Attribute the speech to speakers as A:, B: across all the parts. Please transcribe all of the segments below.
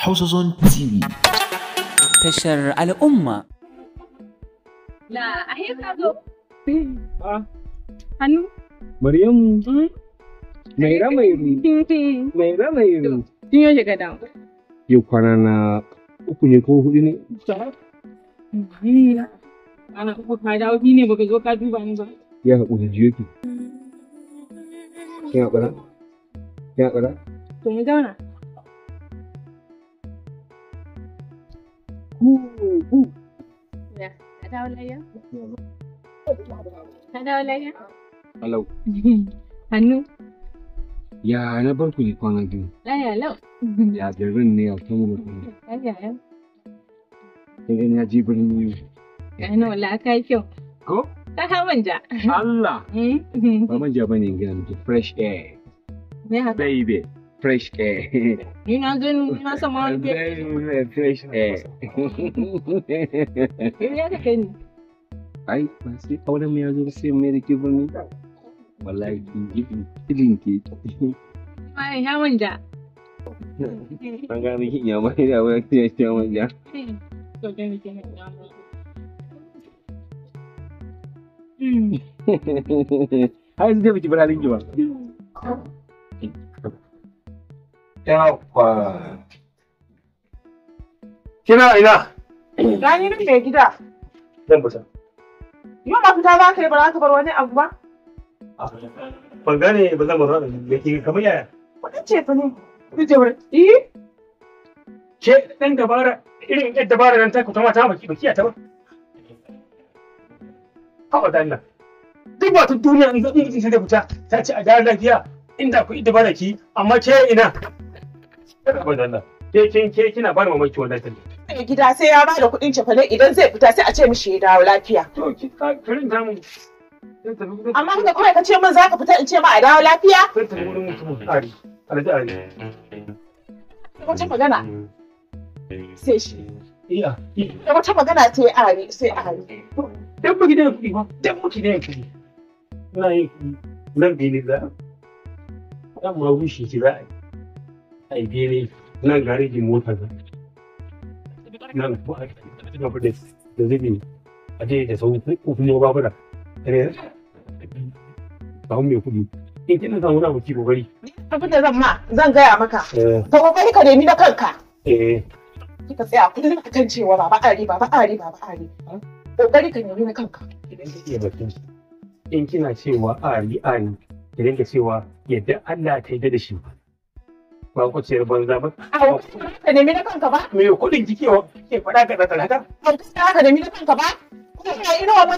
A: Hausa Zone TV. Tashar al'umma. Na, a zo. Hannu. Maryamu. Mm-hmm. Mai ramairu. Mm-hmm. Mai ramairu. Kin yau shiga damu. Yau kwana na uku ne ko hudu ne? Ana uku ka dawo ni ne baka zo ka duba ni ba. Ya haƙuri jiyo ki. Kin haƙura? Kin haƙura? To mu zauna.
B: Ya, ka dawo lafiya? Ka dawo lafiya?
A: Halau. Hannu? Ya na barku ne kwanan biyu. Laya lau. Ya garin ne a kan mutum. Laya lau. Sai gani ya ji birni. Gano wala ka yi kyau. Ko? Ka ha hmm. manja. Allah. Ba ne gani fresh air. Me haka? Baby. fresh air. Ina jin na samu wani Very fresh air. Ya da kai ne. Ai, ba sai auren ya zo sai mai da kifin ne. Wallahi kin gibi kilin ke.
B: Ai, ya manja.
A: An gane kin ya da wani ya ce manja.
B: To ya manja.
A: Ai, zai biranin ki ba. Kina ina? Gani nan mai gida. Zan fita. Yau ma fita za ka yi ba za ka bar wani abu ba? Ban gane ba zan bar wani abu ba. Kamar yaya? Kudin ce fa ne. Kudin ce wurin. Iyi? Ke ɗan dabara irin ɗan dabara nan ta kuma ta baki baki ta ba. Kawai da Allah. Duk wata duniya in zan da fita ta ce a da lafiya inda ku idda ki, amma ke ina. Ke kin ke kina bar mamaki wallahi tallahi. gida sai ya da kuɗin cefane idan zai fita sai a ce mishi ya dawo lafiya. Amma kuma ka ce min za fita in ce ma a dawo lafiya? Zan wurin Wata magana. Sai shi. yi Ari sai Ari. Dan Ina yin Nan bi ne za. Dan mu shi za a yi. haife ne nan garejin mota na nan ko a cikin fudin da zubi a je da sau kufin yau babura tare eh, ba mai kudi in kina samu na muke kokari abin da zan ma zan gaya maka ka eh. kokari ka nemi na kanka eh kika tsaya kullum a kan cewa ba ba'ari ba ba'ari ba ba'ari kokari ka nemi na kanka Idan in kina cewa ari ari ki rinka cewa yadda Allah ta yi da shi ba kuciyar banza ba. A wata ka nemi na kanka ba? Me kuɗin kike wa ke faɗa ka tsakar haka? ka nemi na kanka ba? ina ina wa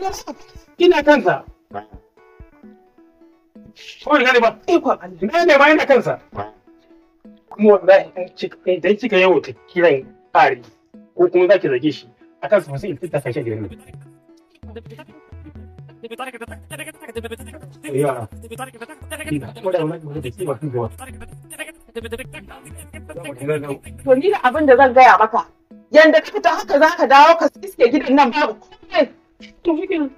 A: Ina kansa. Ko ina ne ba? Allah. ne ba ina kansa. Kuma wallahi idan kika yawo ta kiran ƙari ko kuma za ki zage shi a kansa sai in fita kashe da yanzu.
C: Yeah. To ni
A: da abin da zan gaya maka. Yanda ka fita haka za ka dawo ka iske gidan nan babu komai. To shi kenan.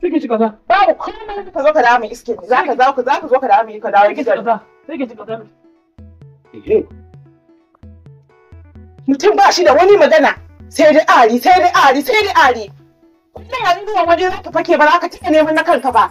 A: Sai ki Babu komai ka zo ka dawo mai iske. Za ka za ka zo ka dawo mai ka dawo gidan.
C: Sai ki shiga za. Eh.
A: Mutum ba shi da wani magana. Sai dai ari, sai dai ari, sai dai ari. Kullum
C: a zuwa waje za ka
A: fake ba za ka cika neman na kanka ba.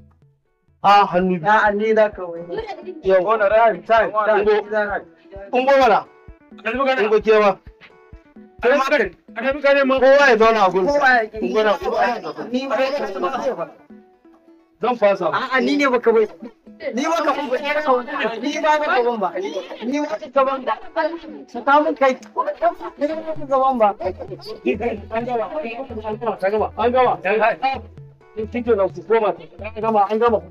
A: a hannu biyu A'a ni za ka wani yau wani rai ta ungo ungo mana ungo kewa kowa ya zauna a gurin ungo na Ni kowa ya zauna zan fasa a'a ni ne baka bai ni ba ka ba ni ba ka gaban ba ni ba ka gaban ba saka mun kai ni ba ka gaban ba an gaba an gaba Thinking of the format, Run, an gama, an gama,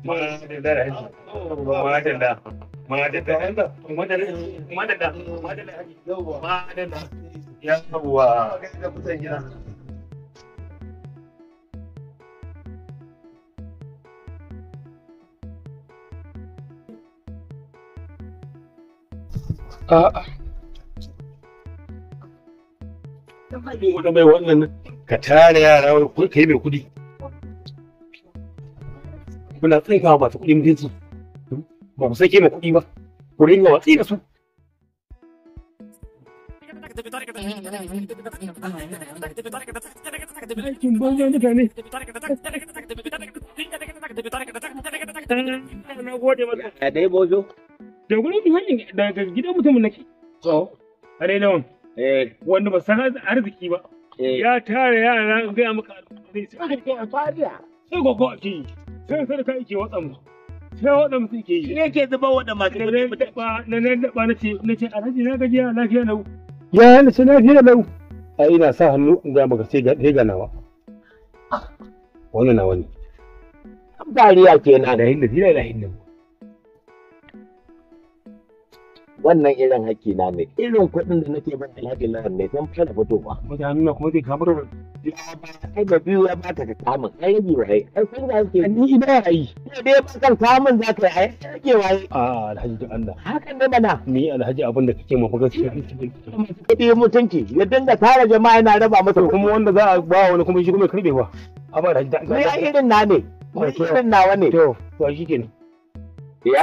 A: Ah. A'a. Ka tare yara ka yi mai kuɗi. muna ba masu kuɗi jinsu ba mu sake mai kuɗi ba ku ringa watsi da su banza mutane ya da daga gidan mutumin nake to a dai lawan wanda ba san arziki ba eh. ya tara yara gaya maka alfahari sai gogo a fariya sai gogo a sai sadaka yake watsa musu sai watsa musu yake yi shi yake zuba wa da masu kudi ba na nan da ba na ce na ce alhaji na gajiya lafiya lau ya na ce lafiya lau a ina sa hannu in ga maka sai ga ga nawa ah. wannan nawa ne dariya kenan da hinda dila da hinda wannan irin haƙƙi na ne irin kuɗin da nake ban alhaji na ne san fara fitowa mutanen na kuma ke kamar ai ba biyu ya ta ka samun ai ya biyu ai ai kun ga ke ni ina yi ne dai ba kan kamun za ka yi ai ke waye a alhaji ta Allah hakan da bana ni alhaji abin da kake mafi gaskiya kudi mutunci ya dinga tara jama'a yana raba masa kuma wanda za a ba wani kuma shi kuma karbewa amma ba. da Allah ne irin na ne irin wa ne to to shi ne ya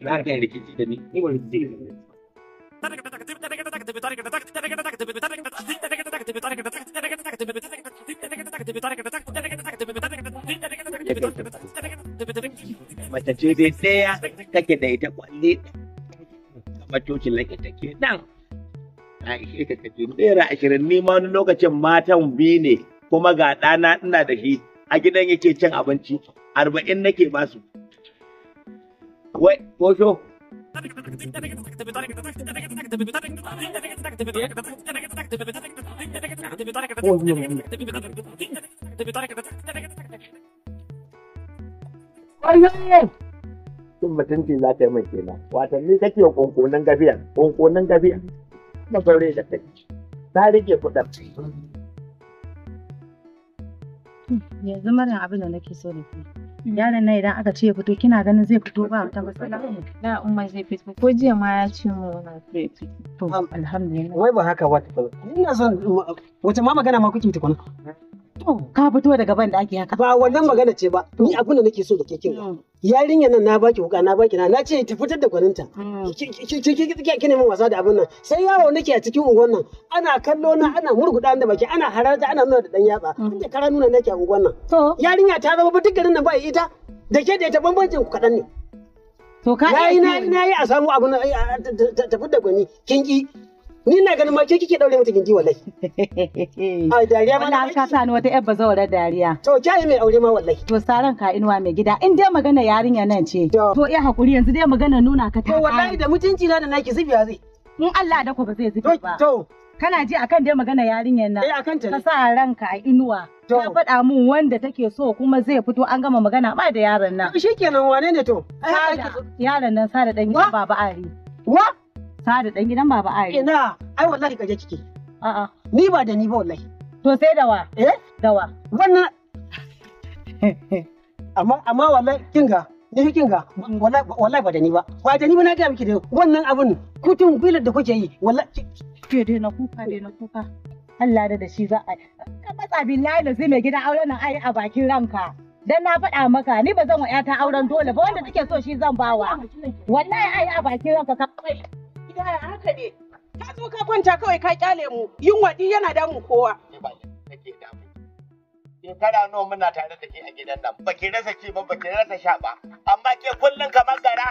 A: ina kan rikici da ni Mace ce dai ɗaya take da ita kwalle matocin lake take nan. A ishe ka kace naira ashirin ni ma wani lokacin matan biyu ne kuma ga na, ina da shi a gidan yake cin abinci arba'in nake basu. Ouais, bonjour. Cin mutunci za ta yi mai kenan. Watanni take kunkunan gafiya, kunkunan gafiya. Na fare da kai. Ta rike kuɗin. Yanzu maran abin da nake so da ke. yaron nan idan aka ce ya fito kina ganin zai fito ba wata matsala na umma zai fito ko jiya ma ya ce mu na fito to alhamdulillah wai ba haka ba ina son wata ma magana ma kuke tukuna To, ka fito daga ban da ake haka. Ba wannan magana ce ba, ni abin da nake so da ke kin. Mm. Yarinyar nan na baki wuka na baki na na ce ta fitar da gwaninta. Mm. Ki neman wasa da abin nan. Sai yawo nake a cikin unguwan nan. Ana kallo na ana murguda da baki ana hararta ana nuna da dan yatsa. Inda mm. kara nuna nake a unguwan nan. To. Yarinya ta zama ba dukkanin nan ba ita. Da ke da ita bambancin ku kaɗan ne. To ka yi Na yi a samu abin nan fitar da gwani kin ki. Ni na ganin ma ke kike daure mata gindi wallahi. Ai dariya ma na ka sa ni wata yabba bazawara dariya. To kai mai aure ma wallahi. To saran ka inuwa mai gida in dai magana yarinya nan ce. To iya hakuri yanzu dai magana nuna ka ta. To wallahi da mutunci na da naki zubiya zai. In Allah da ku ba zai zubi ba. To kana ji akan dai magana yarinyar nan. Eh akan ta. Ka sa ranka a inuwa. Ta faɗa mun wanda take so kuma zai fito an gama magana ba da yaron nan. Shikenan wane ne to? Yaron nan sada dan baba Ari. Wa? Sa'adu dan gidan baba ai. Ina, ai wallahi kaje kike. A'a. Ni ba da ni ba wallahi. To sai dawa. Eh? Dawa. Wannan amma amma wallahi kinga ni kinga wallahi ba da ni ba. Ba da ni ba na ga miki da wannan abun kutun bilar da kuke yi wallahi ke dai na kuka dai na kuka. Allah da da shi za a ka matsa billahi na zai mai gidan auren nan ai a bakin ranka. dan na faɗa maka ni ba zan wa 'yata auren dole ba wanda take so shi zan bawa wallahi ai a bakin ranka ka da haka ne. Ka zo ka kwanta kawai ka kyale mu. Yunwa din yana damun kowa. Shekara nawa muna tare da ke a gidan nan. Baki rasa ci ba, baki rasa sha ba. Amma ke kullum kamar gara.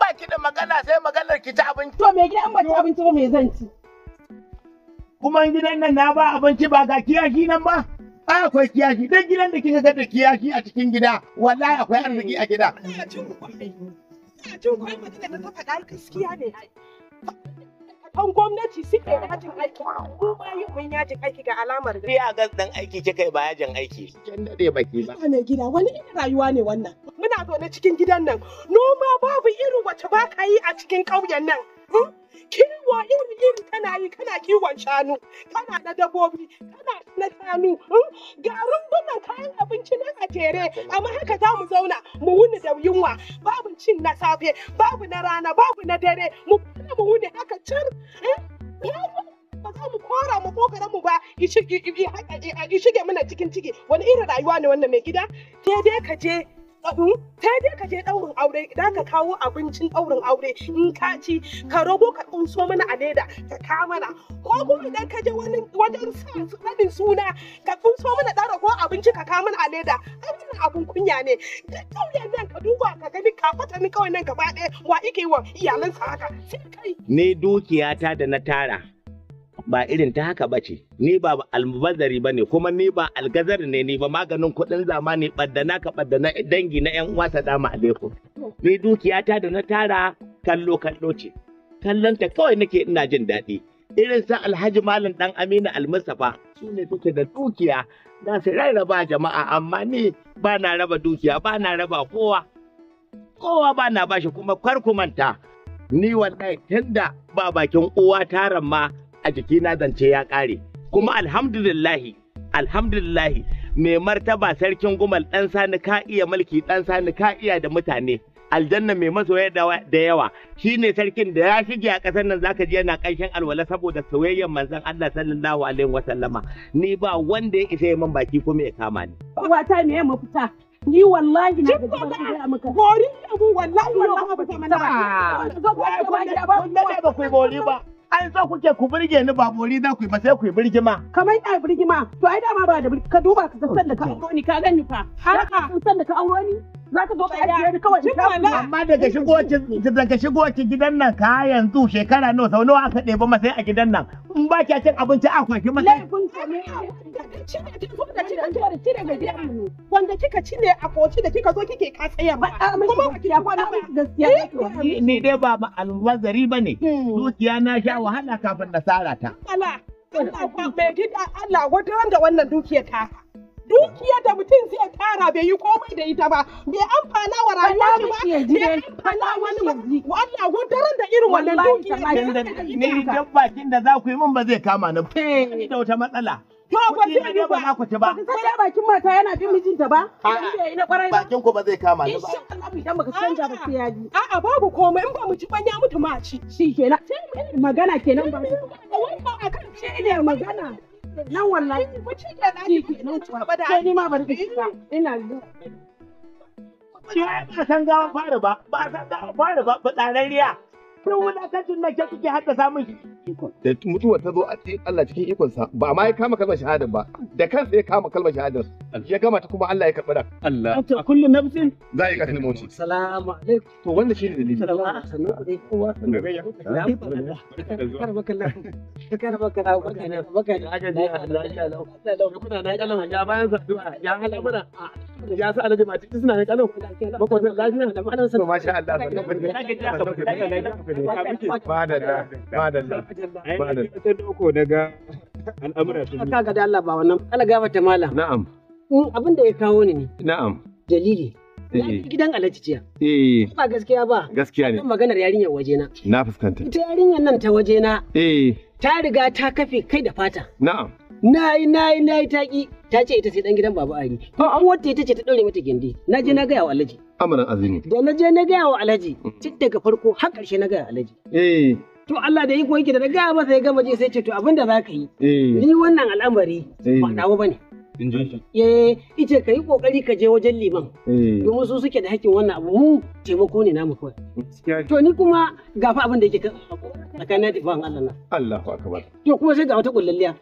A: Ba ki da magana sai maganar ki ci abinci. To me gidan ba ci abinci ba me zan ci? Kuma gidan nan na ba abinci ba ga kiyashi nan ba. a akwai kiyashi dan gidan da kika ga da kiyashi a cikin gida wallahi akwai arziki a gida. Ina cin kwai. Ina cin kwai mutum da ta faɗa gaskiya ne. kan gwamnati suke yajin aiki ko bayan mun yajin aiki ga alamar da ya gas dan aiki kika ba yajin aiki kin dade baki ba ne gida wani irin rayuwa ne wannan muna zaune cikin gidan nan noma babu irin wace ba ka yi a cikin ƙauyen nan hmm? kiwo iri iri kana yi kana kiwon shanu kana na dabbobi kana na shanu hmm? ga rumbunan kayan abinci nan a jere amma haka za mu zauna mu wuni da yunwa babu cin na safe babu na rana babu na dare mu za mu wuni haka can eh, ba za mu kora mu kokarin mu ba ishige mana cikin ciki wani irin rayuwa ne wannan mai gida daidai ka je sai dai ka je ɗaurin aure idan ka kawo abincin ɗaurin aure in ka ci ka rago ka kunso mana a leda ka ka mana ko kuma idan ka je wani wajen naɗin suna ka kunso mana ɗan rago abinci ka ka mana a leda ai abun kunya ne duk ƙauyen nan ka duba ka gani ka kwata ni kawai nan gaba ɗaya wa ike wa iyalansa haka sai kai ne dukiyata da na tara ba irin ta haka bace ni ba almubazari ne kuma ni ba algazari ne ni ba maganin kuɗin zamani baddana ka baddana dangi na yan uwa salamu alaikum ni dukiyata da na tara kallo kallo ce kallonta kawai nake ina jin daɗi irin sa alhaji malam dan aminu almusafa su ne suke da dukiya da su rarraba jama'a amma ni ba na raba dukiya ba na raba kowa kowa ba na bashi kuma kwarkumanta ni wallahi tunda ba bakin uwa taran ma a jikina zance ya ƙare kuma alhamdulillahi alhamdulillahi mai martaba sarkin gumal ɗan sani ka iya mulki ɗan sani ka iya da mutane aljanna mai masoya da yawa shi ne sarkin da ya shige a ƙasar nan zaka ji yana ƙarshen alwala saboda soyayyen manzon Allah sallallahu alaihi wa sallama, ni ba wanda ya isa ya man baki kuma ya kama ni wata me ya mafita ni wallahi na da ba ku da abu wallahi wallahi ba ta mana ba ba ku ba ba ba Ai so kuke ku burge ni ba bori za ku yi ba sai ku yi birgima. Kamar ai birgima to ai dama ba da ka duba ka san da ka oh, auro oh. ni ka gani fa. Har ka san da ka auro ni. za ka zo ka ajiye ni kawai amma daga shigowar gidan nan ka yanzu shekara nawa sau nawa aka ɗebi masa a gidan nan in ba ki cin abinci a kwaki masa wanda kika ci kika zo kike ka ba kuma gaskiya eh! ni ba ne hmm. na sha wahala kafin na ta Allah Allah wannan dukiyar ta dukiyar da mutum zai tara bai yi komai da ita ba bai amfana wa rayuwa ba bai amfana wani wallah gudanar da irin wannan dukiyar ne dan bakin da za ku yi min ba zai kama na eh. da wata matsala To ba zai yi ba. Ba ba. bakin mata yana bin mijinta ba. Bakin ku ba zai kama ni ba. Idan baka canja ba sai ya ji. A'a babu komai in ba mu ci ban ya mutu ma ci. Shi kenan. Magana kenan ba. Wannan akan shi ne magana. Nan wallahi. Shi ke nan ki kenan ku ba da. Sai ni ma bari ki shiga. Ina zuwa. Ki ba san gawa fara ba, ba san gawa fara ba, ba riya. duk wulakancin nan ke kike haddasa min da mutuwa ta zo a cikin Allah cikin ikon sa ba ma ya kama kalmar shahadar ba da kansa ya kama kalmar shahadar ya gama ta kuma Allah ya karɓi da. Allah anta kullu nafsin za'iqatul maut salamu alaikum to wanda shine dalili salamu alaikum da ajan da Allah ya Allah kuna na kalan ya sa alaji ma cikin suna ne kalan lafiya da malam Allah madalla madalla madalla daga al'amura ga ala malam na'am mm, abin ya kawo ni ne na'am dalili eh. gidan jiya. Eh. Ba gaskiya Gaskiya ne. Na fuskanta. Ita yarinyar nan ta wajena. Eh. Ta riga ta kafe kai da fata. Na'am. na yi na yi na yi taƙi ta ce ita sai dan gidan babu ari ko an wata ita ce ta dore mata gindi na je na gaya wa alhaji amanan azumi da na je na gaya wa alhaji mm. tun daga farko har karshe na gaya alhaji eh to Allah da iko yake da na gaya masa gama je sai ce to abinda za ka yi eh. ni wannan al'amari ba dawo eh. bane in ji eh ice ka yi kokari ka je wajen liman eh. domin su suke da hakkin wannan abu mu taimako ne namu kawai to ni kuma gafa abin da yake tsakanin da Allah na Allahu akbar to kuma sai ga wata kullalliya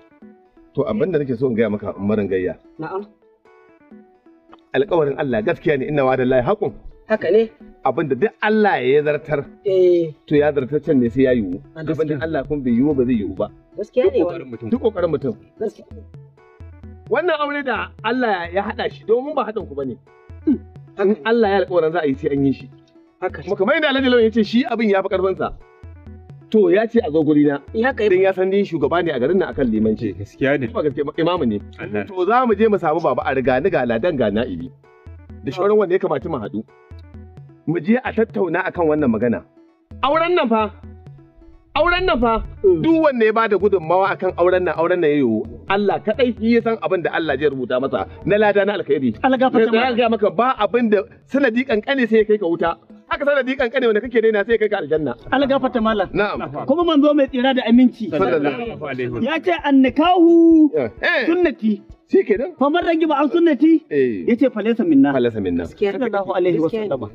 A: To abin da nake so in gaya maka maran gayya. Na'am. Alƙawarin Allah gaskiya ne inna wa da hakun. Haka ne. Abin da duk Allah ya zartar. Eh. To ya zartar can ne sai ya yiwu. Abin da Allah kun bai yiwu ba zai yiwu ba. Gaskiya ne Duk kokarin mutum. Wannan aure da Allah ya haɗa shi domin ba haɗin ku bane. Allah ya alƙawarin za a yi sai an yi shi. Haka. Kuma kamar yadda Alhaji Lawan ya ce shi abin ya fi ƙarfinsa. to ya ce a zo guri na eh, dan ya san ni shugaba ne a garin nan akan limanci gaskiya ne ba gaskiya imamu ne to za mu je mu samu baba a riga ni ga ladan ga na'ibi da shauran wanda ya kamata mu haɗu mu je a tattauna akan wannan magana auren nan fa auren nan fa eh. duk wanda ya bada gudunmawa akan auren nan auren nan yayo Allah kadai shi ya san abin da Allah zai rubuta masa na lada na alkhairi Allah gafarta maka ba abin da sanadi kankane sai ya kai ka wuta haka sa da dikan kane wanda kake daina sai kai ka aljanna Allah gafarta malam na'am kuma manzo mai tsira da aminci sallallahu alaihi wasallam ya ce annikahu eh, eh. sunnati shi kenan fa man ragi ba an sunnati eh. ya ce falesa minna falesa minna sallallahu alaihi wasallam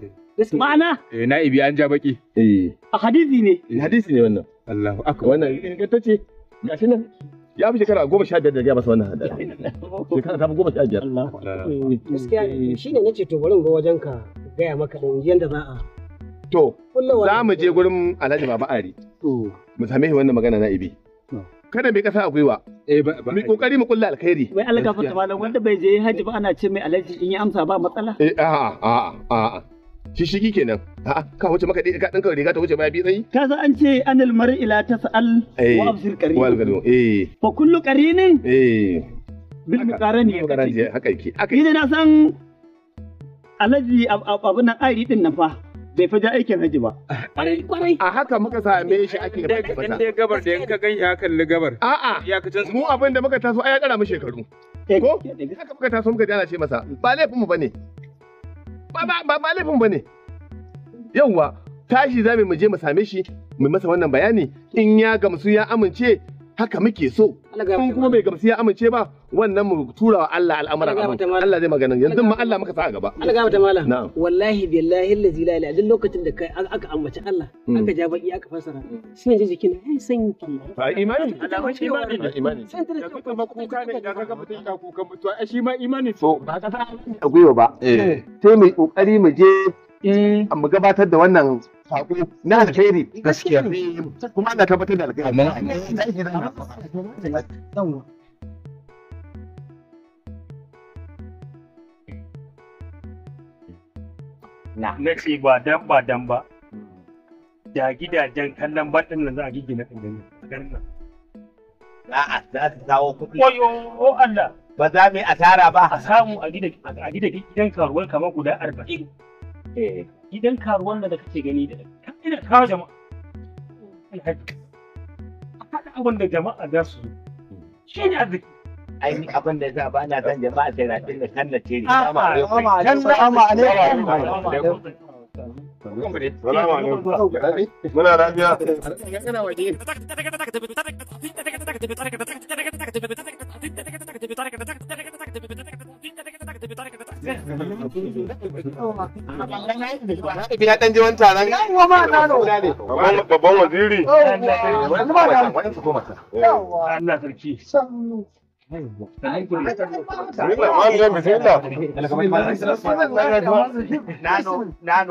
A: ma'ana eh na'ibi an ja baki eh a hadisi ne hadisi ne wannan Allahu akbar wannan ga ta ce gashi nan ya fi shekara goma sha biyar da ya masa wannan hadari shekara ta fi goma sha biyar eh, gaskiya eh, shi ne eh. na ceto wurin bari wajen ka gaya maka ɗin yadda za a to za mu je gurin alhaji baba ari mu same shi wannan magana na ibi kada mai kasa a gwiwa mai kokari mu kulla alkhairi wai Allah gafarta malam wanda bai je hajji ba ana ce mai alhaji in ya amsa ba matsala eh a'a a'a a'a shishigi kenan a'a ka wuce maka ka dinka riga ta wuce ma bi tsayi ka san an ce anil ila ta sa'al. wa eh, absil qarin wal gado eh fa kullu qarinin eh bil ne. haka yake haka yake na san alaji abun nan airi din nan fa bai fi aikin haji ba. Kwarai. A haka muka same shi ake bai gabata. Inda ya gabar da yanka gan ya kalli gabar. A'a. Mu abin da muka taso ai ya kara mu shekaru. Eh, Ko? Haka muka taso muka jana ce masa ba laifin mu bane. ba ba laifin ba ne yauwa tashi za mu je mu same shi mu masa wannan bayani in ya gamsu ya amince haka muke so kun kuma bai gamsu ya amince ba wannan mu tura wa Allah al'amuran Allah zai magana yanzu ma Allah muka sa a gaba Allah ga mata malam wallahi billahi allazi la ilaha illa lokacin da kai aka ambaci Allah hmm. aka ja baki aka fassara sai ji jikin ai san sanyi fa imani Allah wace imani ne imani sai ta kuka ba kuka ne da kaga mutum ka kuka mutu mutuwa shi ma imani so ba ka ta a gwiwa ba eh sai mu kokari mu je eh. mu gabatar da wannan sako na alheri gaskiya kuma ana tabbatar da alheri amma na ce ba dan ba dan ba da gidajen kallon baɗin nan za a gigina ɗin nan a'a za ta kawo kuɗi oyo Allah ba za mu yi asara ba a samu a gida gidan karuwar kamar guda arba'in gidan karuwan da kake gani da kan ina kawo jama'a a faɗi abin da jama'a za su shi ne arziki ai ni abin da za ba na zan jama'a sai da kan ce ne amma amma amma amma amma Muna lafiya. Ina Allah sarki. Nano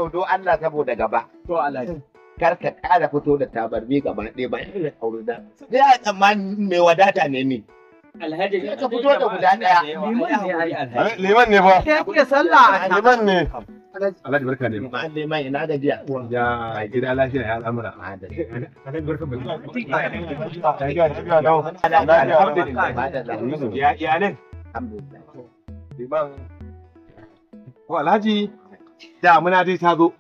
A: do Allah saboda gaba. Kar ka ƙara fito da tabarmi gaba ɗaya ba ina tsammanin mai wadata ne ni. Alhaji ne. Ka fito da guda ɗaya. Eh, liman ne fa. Ke kuke sallah. Liman ne. Alhaji barka ne. Liman ina gajiya. Ya gida lafiya ya al'amura. Alhaji barka mu. Lafiya lafiya dawo. Alhamdulillah. Ya iyalin. Alhamdulillah. Liman. Ko Alhaji damuna dai ta zo.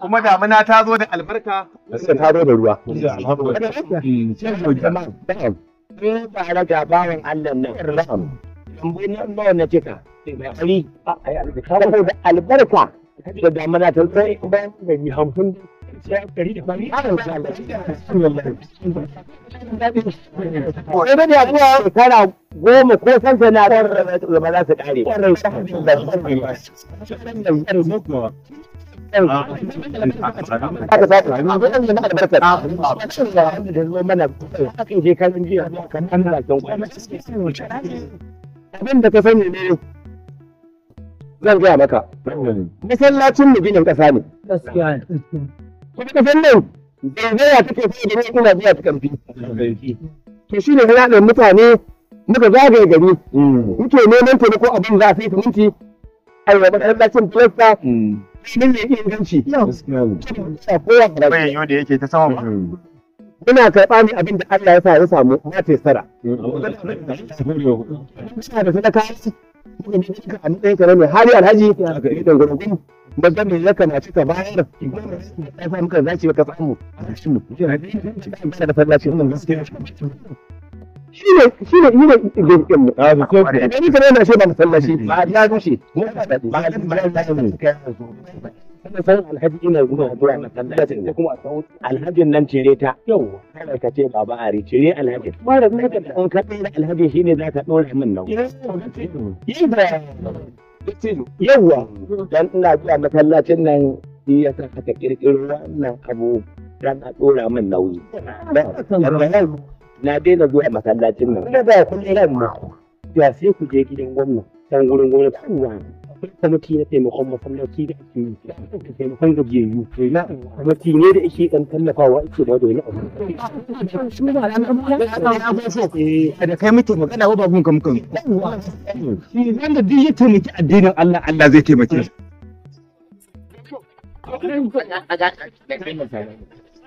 A: Kuma damuna ta zo da albarka. Gaskiya ta zo da ruwa. Alhamdulillah. Ni ba a raga Allah nan. na cika. Mai kari. Saboda albarka. Da damana ta bayan hamsin. Sai da da shekara goma ko sansa na ɗan za su abin da ka sani ne zan gaya maka masallacin mu ginin ƙasa ne kuma kasan nan zaizaya take fi da ni ina biya ta kamfi to shi ne haɗa mutane muka zagaye gari muke neman taimako abin za a sai siminti a yi wa masallacin filasta ne inganci bayan da yake ta muna karɓa ne abin da Allah ya sa ya samu na tesara muna da sadaka ka mai hari alhaji ga idan gurgun bazan mai zaka na cika bayar ya sa muka zaci ka samu a mu da fallaci gaskiya shi ne ah, shi ne shi mu a su kai ne kana na ce mm. ba masallaci ba ya rushe ba da ba da ba kana san alhaji ina zuwa zuwa masallacin da kuma a sau alhajin nan cire ta yau kada ka ce baba are cire alhajin ba da zaka da an kaɗai da alhajin shine zaka ɗora min nan yi da yawwa dan ina zuwa masallacin nan shi ya sa aka kirkiro wannan abu dan a ɗora min nauyi. na daina zuwa masallacin nan ina ba kun ran ma ya sai ku je gidan gwamna dan gurin gwamnati kuwa akwai kwamiti na taimakon masallaci da ake yi da taimakon gajiyayyu na kwamiti ne da ake dan tallafawa ake ba da wani abu eh, da kai mutum magana ba babun kam kan shi zan da duk ya taimaki addinin Allah Allah zai taimake shi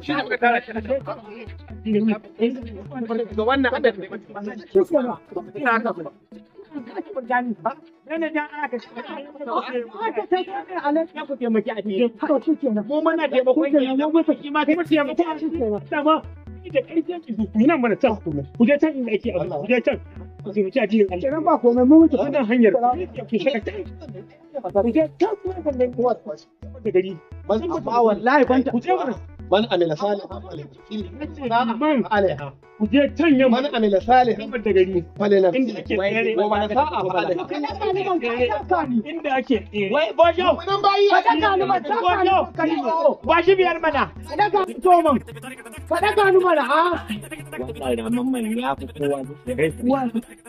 A: shi shi a can ga wannan adadin ne ba mu muna da ake abu hanyar ki shiga can ku je da man amila salihan alaiha ku je can yamma man amila salihan da gari falina inda ake tsere wa ba sa'a ba da inda ake tsere wai bojo nan bayi ya ka ni mata bojo ba shi biyar mana sadaka to mun sadaka ni mana a wallahi da mamman ya fi kowa da gaisuwa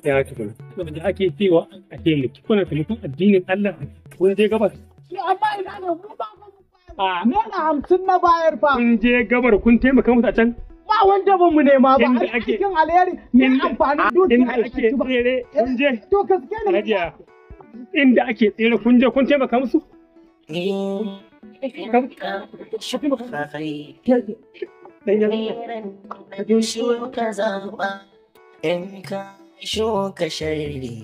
A: ya ci kuma ake cewa ake miki kuna taimakon addinin Allah kun je gabas amma ina da mu ba nana hamsin na bayar fa. Kun je gabar kun taimaka musu a can? Ba wanda ban mu nema ba. Inda ake. Cikin alheri. Ne amfanin dukiyar. Inda ake tsere kun je. To gaske ne. Rajiya. Inda ake tsere kun je kun taimaka musu? In ka shuka sharri,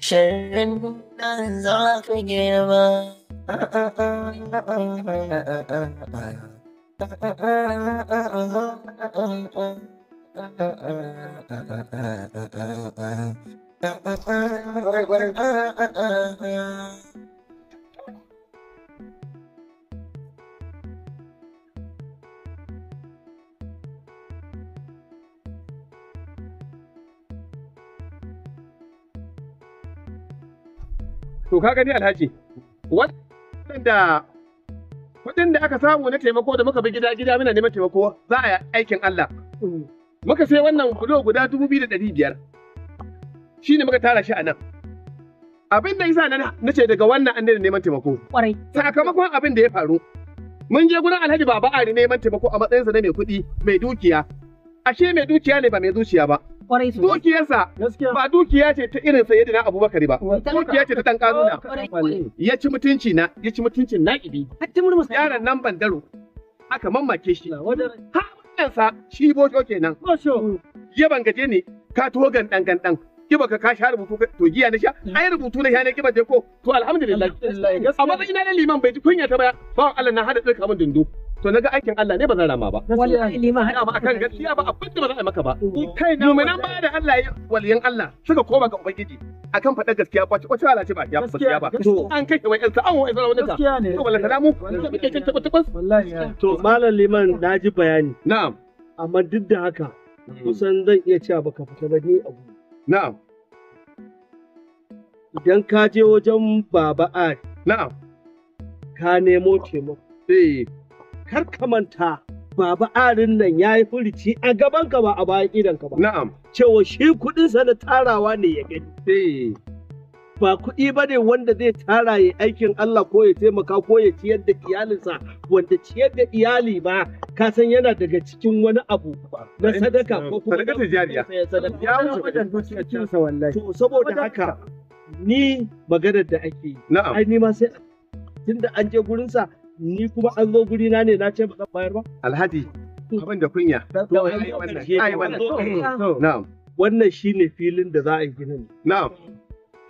A: sharrin nan za ka girma. To ka gani alhaji, da kudin da aka samu na taimako da muka bi gida gida muna neman taimako za a aikin Allah. Muka sai wannan kulo guda dubu biyu da ɗari biyar. Shi ne muka tara shi a nan. Abin da isa na ce daga wannan an neman taimako. Ƙwarai. Sakamakon abin da ya faru. Mun je gurin Alhaji Baba Ari neman taimako a matsayinsa na mai kuɗi mai dukiya. Ashe mai dukiya ne ba mai zuciya ba. kwarai sosai dukiyarsa ba dukiya ce ta irin na abubakar ba dukiya ce ta dan kanuna ya ci mutunci na ya ci mutuncin na'ibi yaron nan bandaro aka mamake shi har sa shi bojo kenan ya bangaje ne ka to gandan gandan kiba ka ka sha rubutu to giya na sha mm. ai rubutu na sha kiba je ko to alhamdulillah amma ina na liman bai ji kunya ta ba ba Allah na hada tsirka min dindo to naga aikin Allah ne ba zan rama ba wallahi ma hada ba akan gaskiya ba abin da ba zan yi maka ba kai na nan ba da Allah ya waliyan Allah suka koma ga ubangiji akan faɗa gaskiya kwace kwace ala ce ba ya gaskiya ba to an kai wai yansa an wai wani gaskiya ne to wallahi salamu da muke cin tabbata kwas wallahi to malam liman naji bayani na'am amma duk da haka kusan zan iya cewa baka fita ba ni abu na'am idan ka je wajen baba Ari na'am ka nemo taimako eh kar ka manta baba arin nan ya yi furici a gaban ka ba a bayan idan ka ba. Na'am. Cewa shi kuɗinsa na tarawa ne ya gani. Eh. Ba kuɗi ba ne wanda zai tara ya aikin Allah ko ya taimaka ko ya ciyar da iyalinsa wanda ciyar da iyali ba ka san yana daga cikin wani abu na sadaka ko kuma sadaka jariya. Ya wuce da dukiyarsa wallahi. To saboda haka ni maganar da ake yi. Na'am. Ai ni ma sai tunda an je gurinsa ni kuma an zo guri na ne na ce ba zan bayar ba alhaji hmm. abin da kunya na'am wannan shine filin da za a yi gini. na'am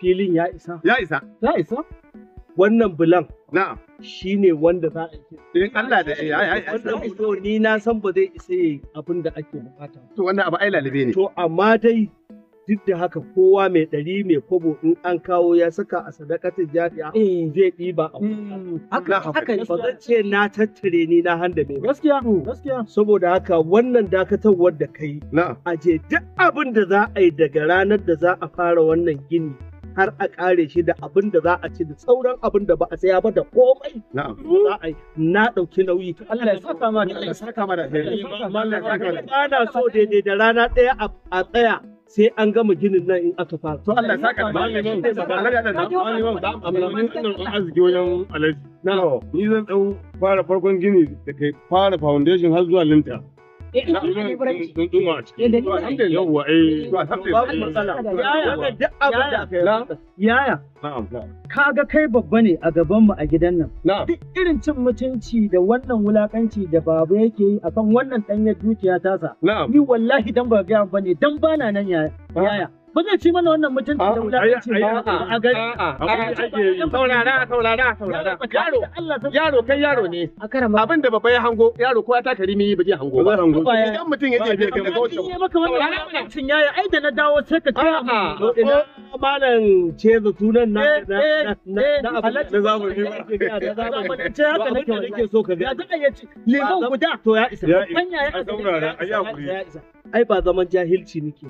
A: filin ya isa ya isa ya isa wannan bulan na'am ne wanda za a yi in Allah da ya wannan bulo ni na san ba zai isa abin da ake bukata to wannan abu ai ne to amma dai duk da haka kowa mai ɗari mai kobo in an kawo ya saka a sadakatin jariya eh. zai ɗiba a hmm.
B: haka ne
A: ba ce na tattare ni na handa mai gaskiya hmm. gaskiya saboda haka wannan dakatarwar da kai a je duk abin da za a yi daga ranar da za a fara wannan gini har a kare shi da abin da za a ci da sauran abin da ba a saya ba da komai za a yi na ɗauki nauyi Allah ya saka ma da Allah ya saka ma Allah ya saka ma da so daidai da rana ɗaya a tsaya sai an gama ginin nan in aka fara. To Allah saka da malamin malamin nan arziki wajen alaji. Na ni zan dau fara farkon gini da kai fara foundation har zuwa linta. Eh, yaya, ka ga kai babba ne a gabanmu a gidan nan. Duk irin cin mutunci da wannan wulakanci da baba yake yi akan wannan ɗanyar dukiya tasa. Ni wallahi dan ba gaya ba ne dan bana nan yaya. Ah. ba zai ci mana wannan mutunci da ah. wulaƙanci ba a gari. Taurara, taurara, taurara. Yaro, yaro kai yaro ne. Abin da babba ya hango, yaro kowa ta karimi yi ba zai hango ba. Idan mutum ya je bai kai kawai. Idan maka wannan mutuncin yaya, ai da na dawo sai ka ce mu. Ina oh, malam ce da sunan na eh, eh, na na eh, abin da zamani ba. Ce haka nake nake so ka ga. Ya zaka ya ci. Lemon guda. To ya isa. Hanya ya isa. Ai ba zaman jahilci nake.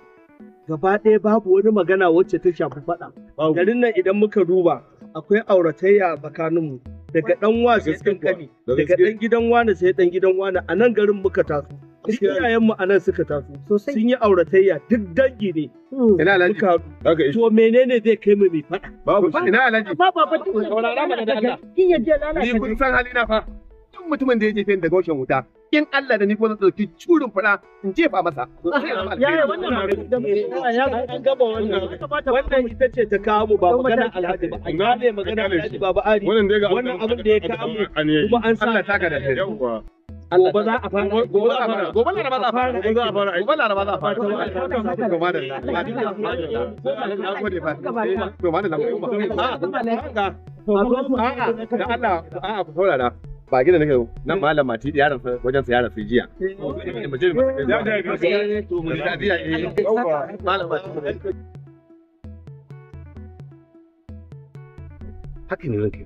A: gaba ɗaya babu wani magana wacce ta shafi faɗa. Garin nan idan muka duba akwai auratayya tsakaninmu daga ɗan wa sai ɗan daga ɗan gidan wani sai ɗan gidan wani a nan garin muka taso. Iyayen mu a nan suka taso sun yi auratayya duk dangi ne. Hmm. Ina alhaji. To menene zai kai mu mai faɗa? Babu ina alhaji. Amma babu ba. Saurara da Allah. Ni kun san halina fa. duk mutumin da ya jefe daga wuta in Allah da ni ko zan dauki curin fura in jefa masa Ya ya wannan an gaba wannan wannan ita ce ta kawo mu ba magana alhaji ba an ne magana alhaji ba ba ari wannan abin da ya kawo mu kuma an sa Allah taka da shi gobe za a fara gobe za a fara gobe za a fara gobe za a fara gobe za a fara gobe za a fara gobe za a fara gobe za a fara ba gida nake nan hmm. malam mati yaran sa wajen sa yaran sa jiya haka ne ranka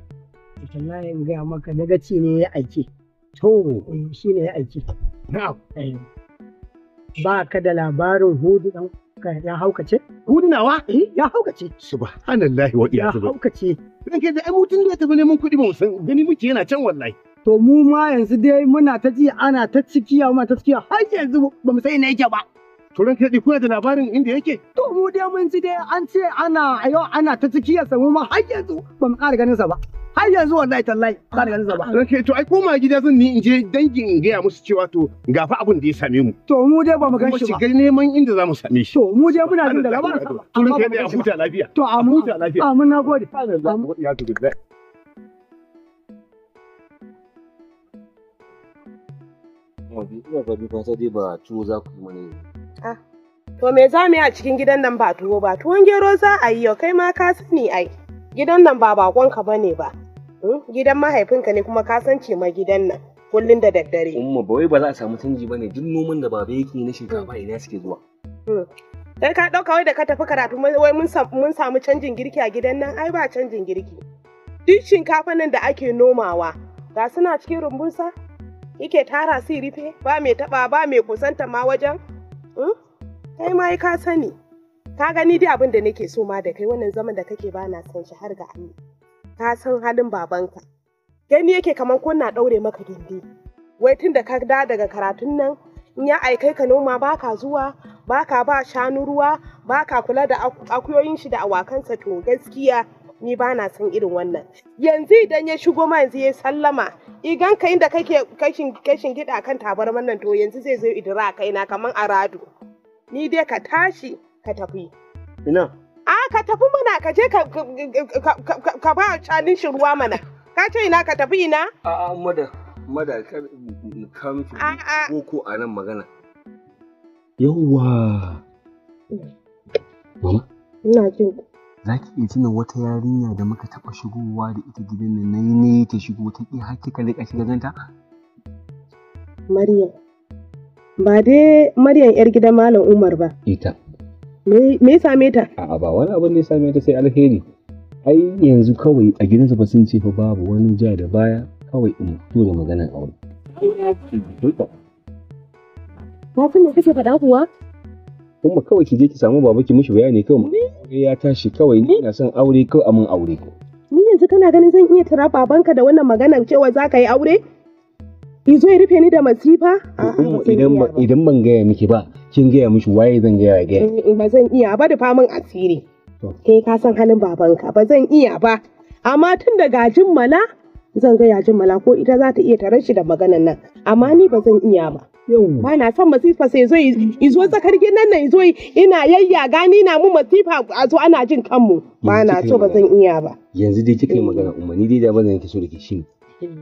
A: wallahi in ga maka daga ci ne ya aiki to eh, shi ne ya aiki eh. ba ka da labarin hudu dan ya haukace? hudu nawa eh, ya haukace. Subhanallahi wa iyyazu. Ya haukace. Ranke da ai mutun da ta tafi neman kuɗi ba mu san gani muke yana can wallahi. to mu ma yanzu dai muna ta ji ana ta cikiya muna ta cikiya har yanzu ba mu sai ina yake ba turan kai kuna da labarin inda yake to mu dai mun ji dai an ce ana ayo ana ta cikiya sa mu ma har yanzu ba mu ƙara ganin sa ba har yanzu wallahi tallahi ba da ganin sa ba okay to ai koma gida zan ni in je dangin in gaya musu cewa to ga fa abin da ya same mu to mu dai ba mu gan shi ba mu neman inda za mu same shi to mu dai muna jin da labarin turan kai a huta lafiya to a huta lafiya mun nagode ya kuma ina fa bi fata dai ba tuwo za ku mana ah to me za mu yi a cikin gidan nan ba tuwo ba tuwon gero za a yi yau kai ma ka sani ai gidan nan ba bakonka ne ba hmm? gidan mahaifinka ne kuma ka san ce ma gidan nan kullum da daddare umma ba wai ba za a samu canji ba ne duk noman da baba yake na shinkafa hmm. ina suke zuwa Sai hmm. ka ɗauka wai da ka tafi karatu wai mun samu canjin girki a gidan nan ai ba canjin girki duk shinkafa nan da ake nomawa ga suna cikin rumbunsa yake tara su rufe ba mai taba ba mai kusanta ma wajen hmm? kai ma ka sani ka gani dai abin da nake so ma da kai wannan zaman da kake ba na san shi har ga Allah ka san halin babanka gani yake kamar ko na daure maka gindi wai tun da ka da daga karatun nan in ya aikai ka noma ba ka zuwa ba ka ba shanu ruwa ba ka kula da akuyoyin shi da awakansa to gaskiya ni ba na son irin wannan yanzu idan ya shigo ma yanzu ya sallama Idan ka inda kake kashin kashin gida kan tabarman nan to yanzu zai zo idira a kaina kaman aradu ni dai ka tashi ka tafi ina a ka tafi mana ka je ka ba canin shi ruwa mana ka ce ina ka tafi ina a'a mada mada ka miki ko a nan magana yawwa mama ina jin za ki iya tuna wata yarinya da muka taɓa shigowa da ita gidan nan na yi ne ta shigo ta ƙi har kika leƙa shiga ganta? Maryam. Ba dai Maryam 'yar gidan Malam Umar ba. Ita. Me ya same ta? A'a ba wani abin da ya same ta sai alheri. Ai yanzu kawai a gidansa ba sun ce fa babu wani ja da baya kawai in fito da maganar aure.
C: Na fi me kake faɗa kuwa?
A: kuma kawai ki je ki samu baba ki mishi bayani kawai aure ya tashi kawai ni ina son aure ko a mun aure ni yanzu kana ganin zan iya tara babanka da wannan maganar cewa za ka yi aure izo ya rufe ni da masifa mm, idan idan ban gaya miki ba kin gaya mishi waye zan gaya gaya mm, mm, ba zan iya ba da famin asiri kai ka san halin babanka ba zan iya ba amma tun da gajin mala zan gaya jin mala ko ita za ta iya tarar shi da maganar nan amma ni ba zan iya ba ba na son masifa sai zo izo tsakar gidan nan zo ina yayya gani na mu masifa a zo ana jin kanmu ba na so ba zan iya ba yanzu dai kika yi eh. magana umma ni dai da ba zan ki so da ke shi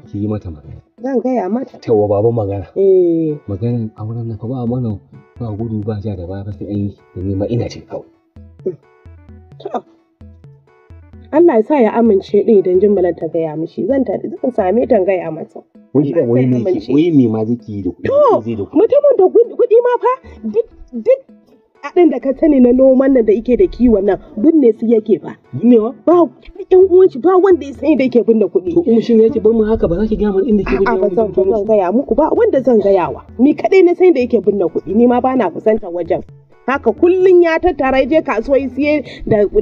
A: ki yi mata magana zan gaya mata Ta wa baba magana eh a auren na fa ba mana ba gudu ba ja da baya sai ai yi da nema ina jin kawai Allah ya sa ya amince din idan jimbalar ta gaya mishi zan ta zan same ta gaya mata wai shi wai me wai me ma zai yi da kuɗi zai mutumin da kuɗi ma fa duk duk adin da ka sani na noman nan da yake da kiwon nan binne su yake fa binnewa ba yan uwan shi ba wanda ya sani da yake binne kuɗi kuma shin yake bin mu haka ba za ki gaya min inda ke binne kuɗi ba zan zan gaya muku ba wanda zan gayawa ni kadai na sani da yake binne kuɗi ni ma bana kusantar wajen haka kullum ya tattara je kasuwa ya siyar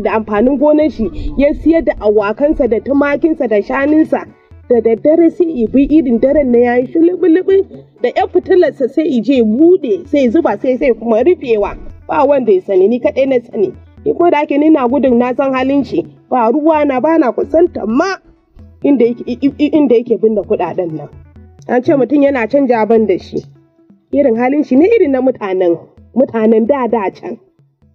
A: da amfanin gonar shi ya siyar da awakansa da tumakinsa da shanunsa da daddare sai i irin daren na yayi shulubulubin da yan fitilarsa sai ije je bude sai zuba sai sai kuma rufewa ba wanda ya sani ni kaɗai na sani ni ko da ake ni gudun na san halin shi ba ruwa na ba na kusanta ma inda yake binne kuɗaɗen nan an ce mutum yana canja ban da shi irin halin shi ne irin na mutanen mutanen da da can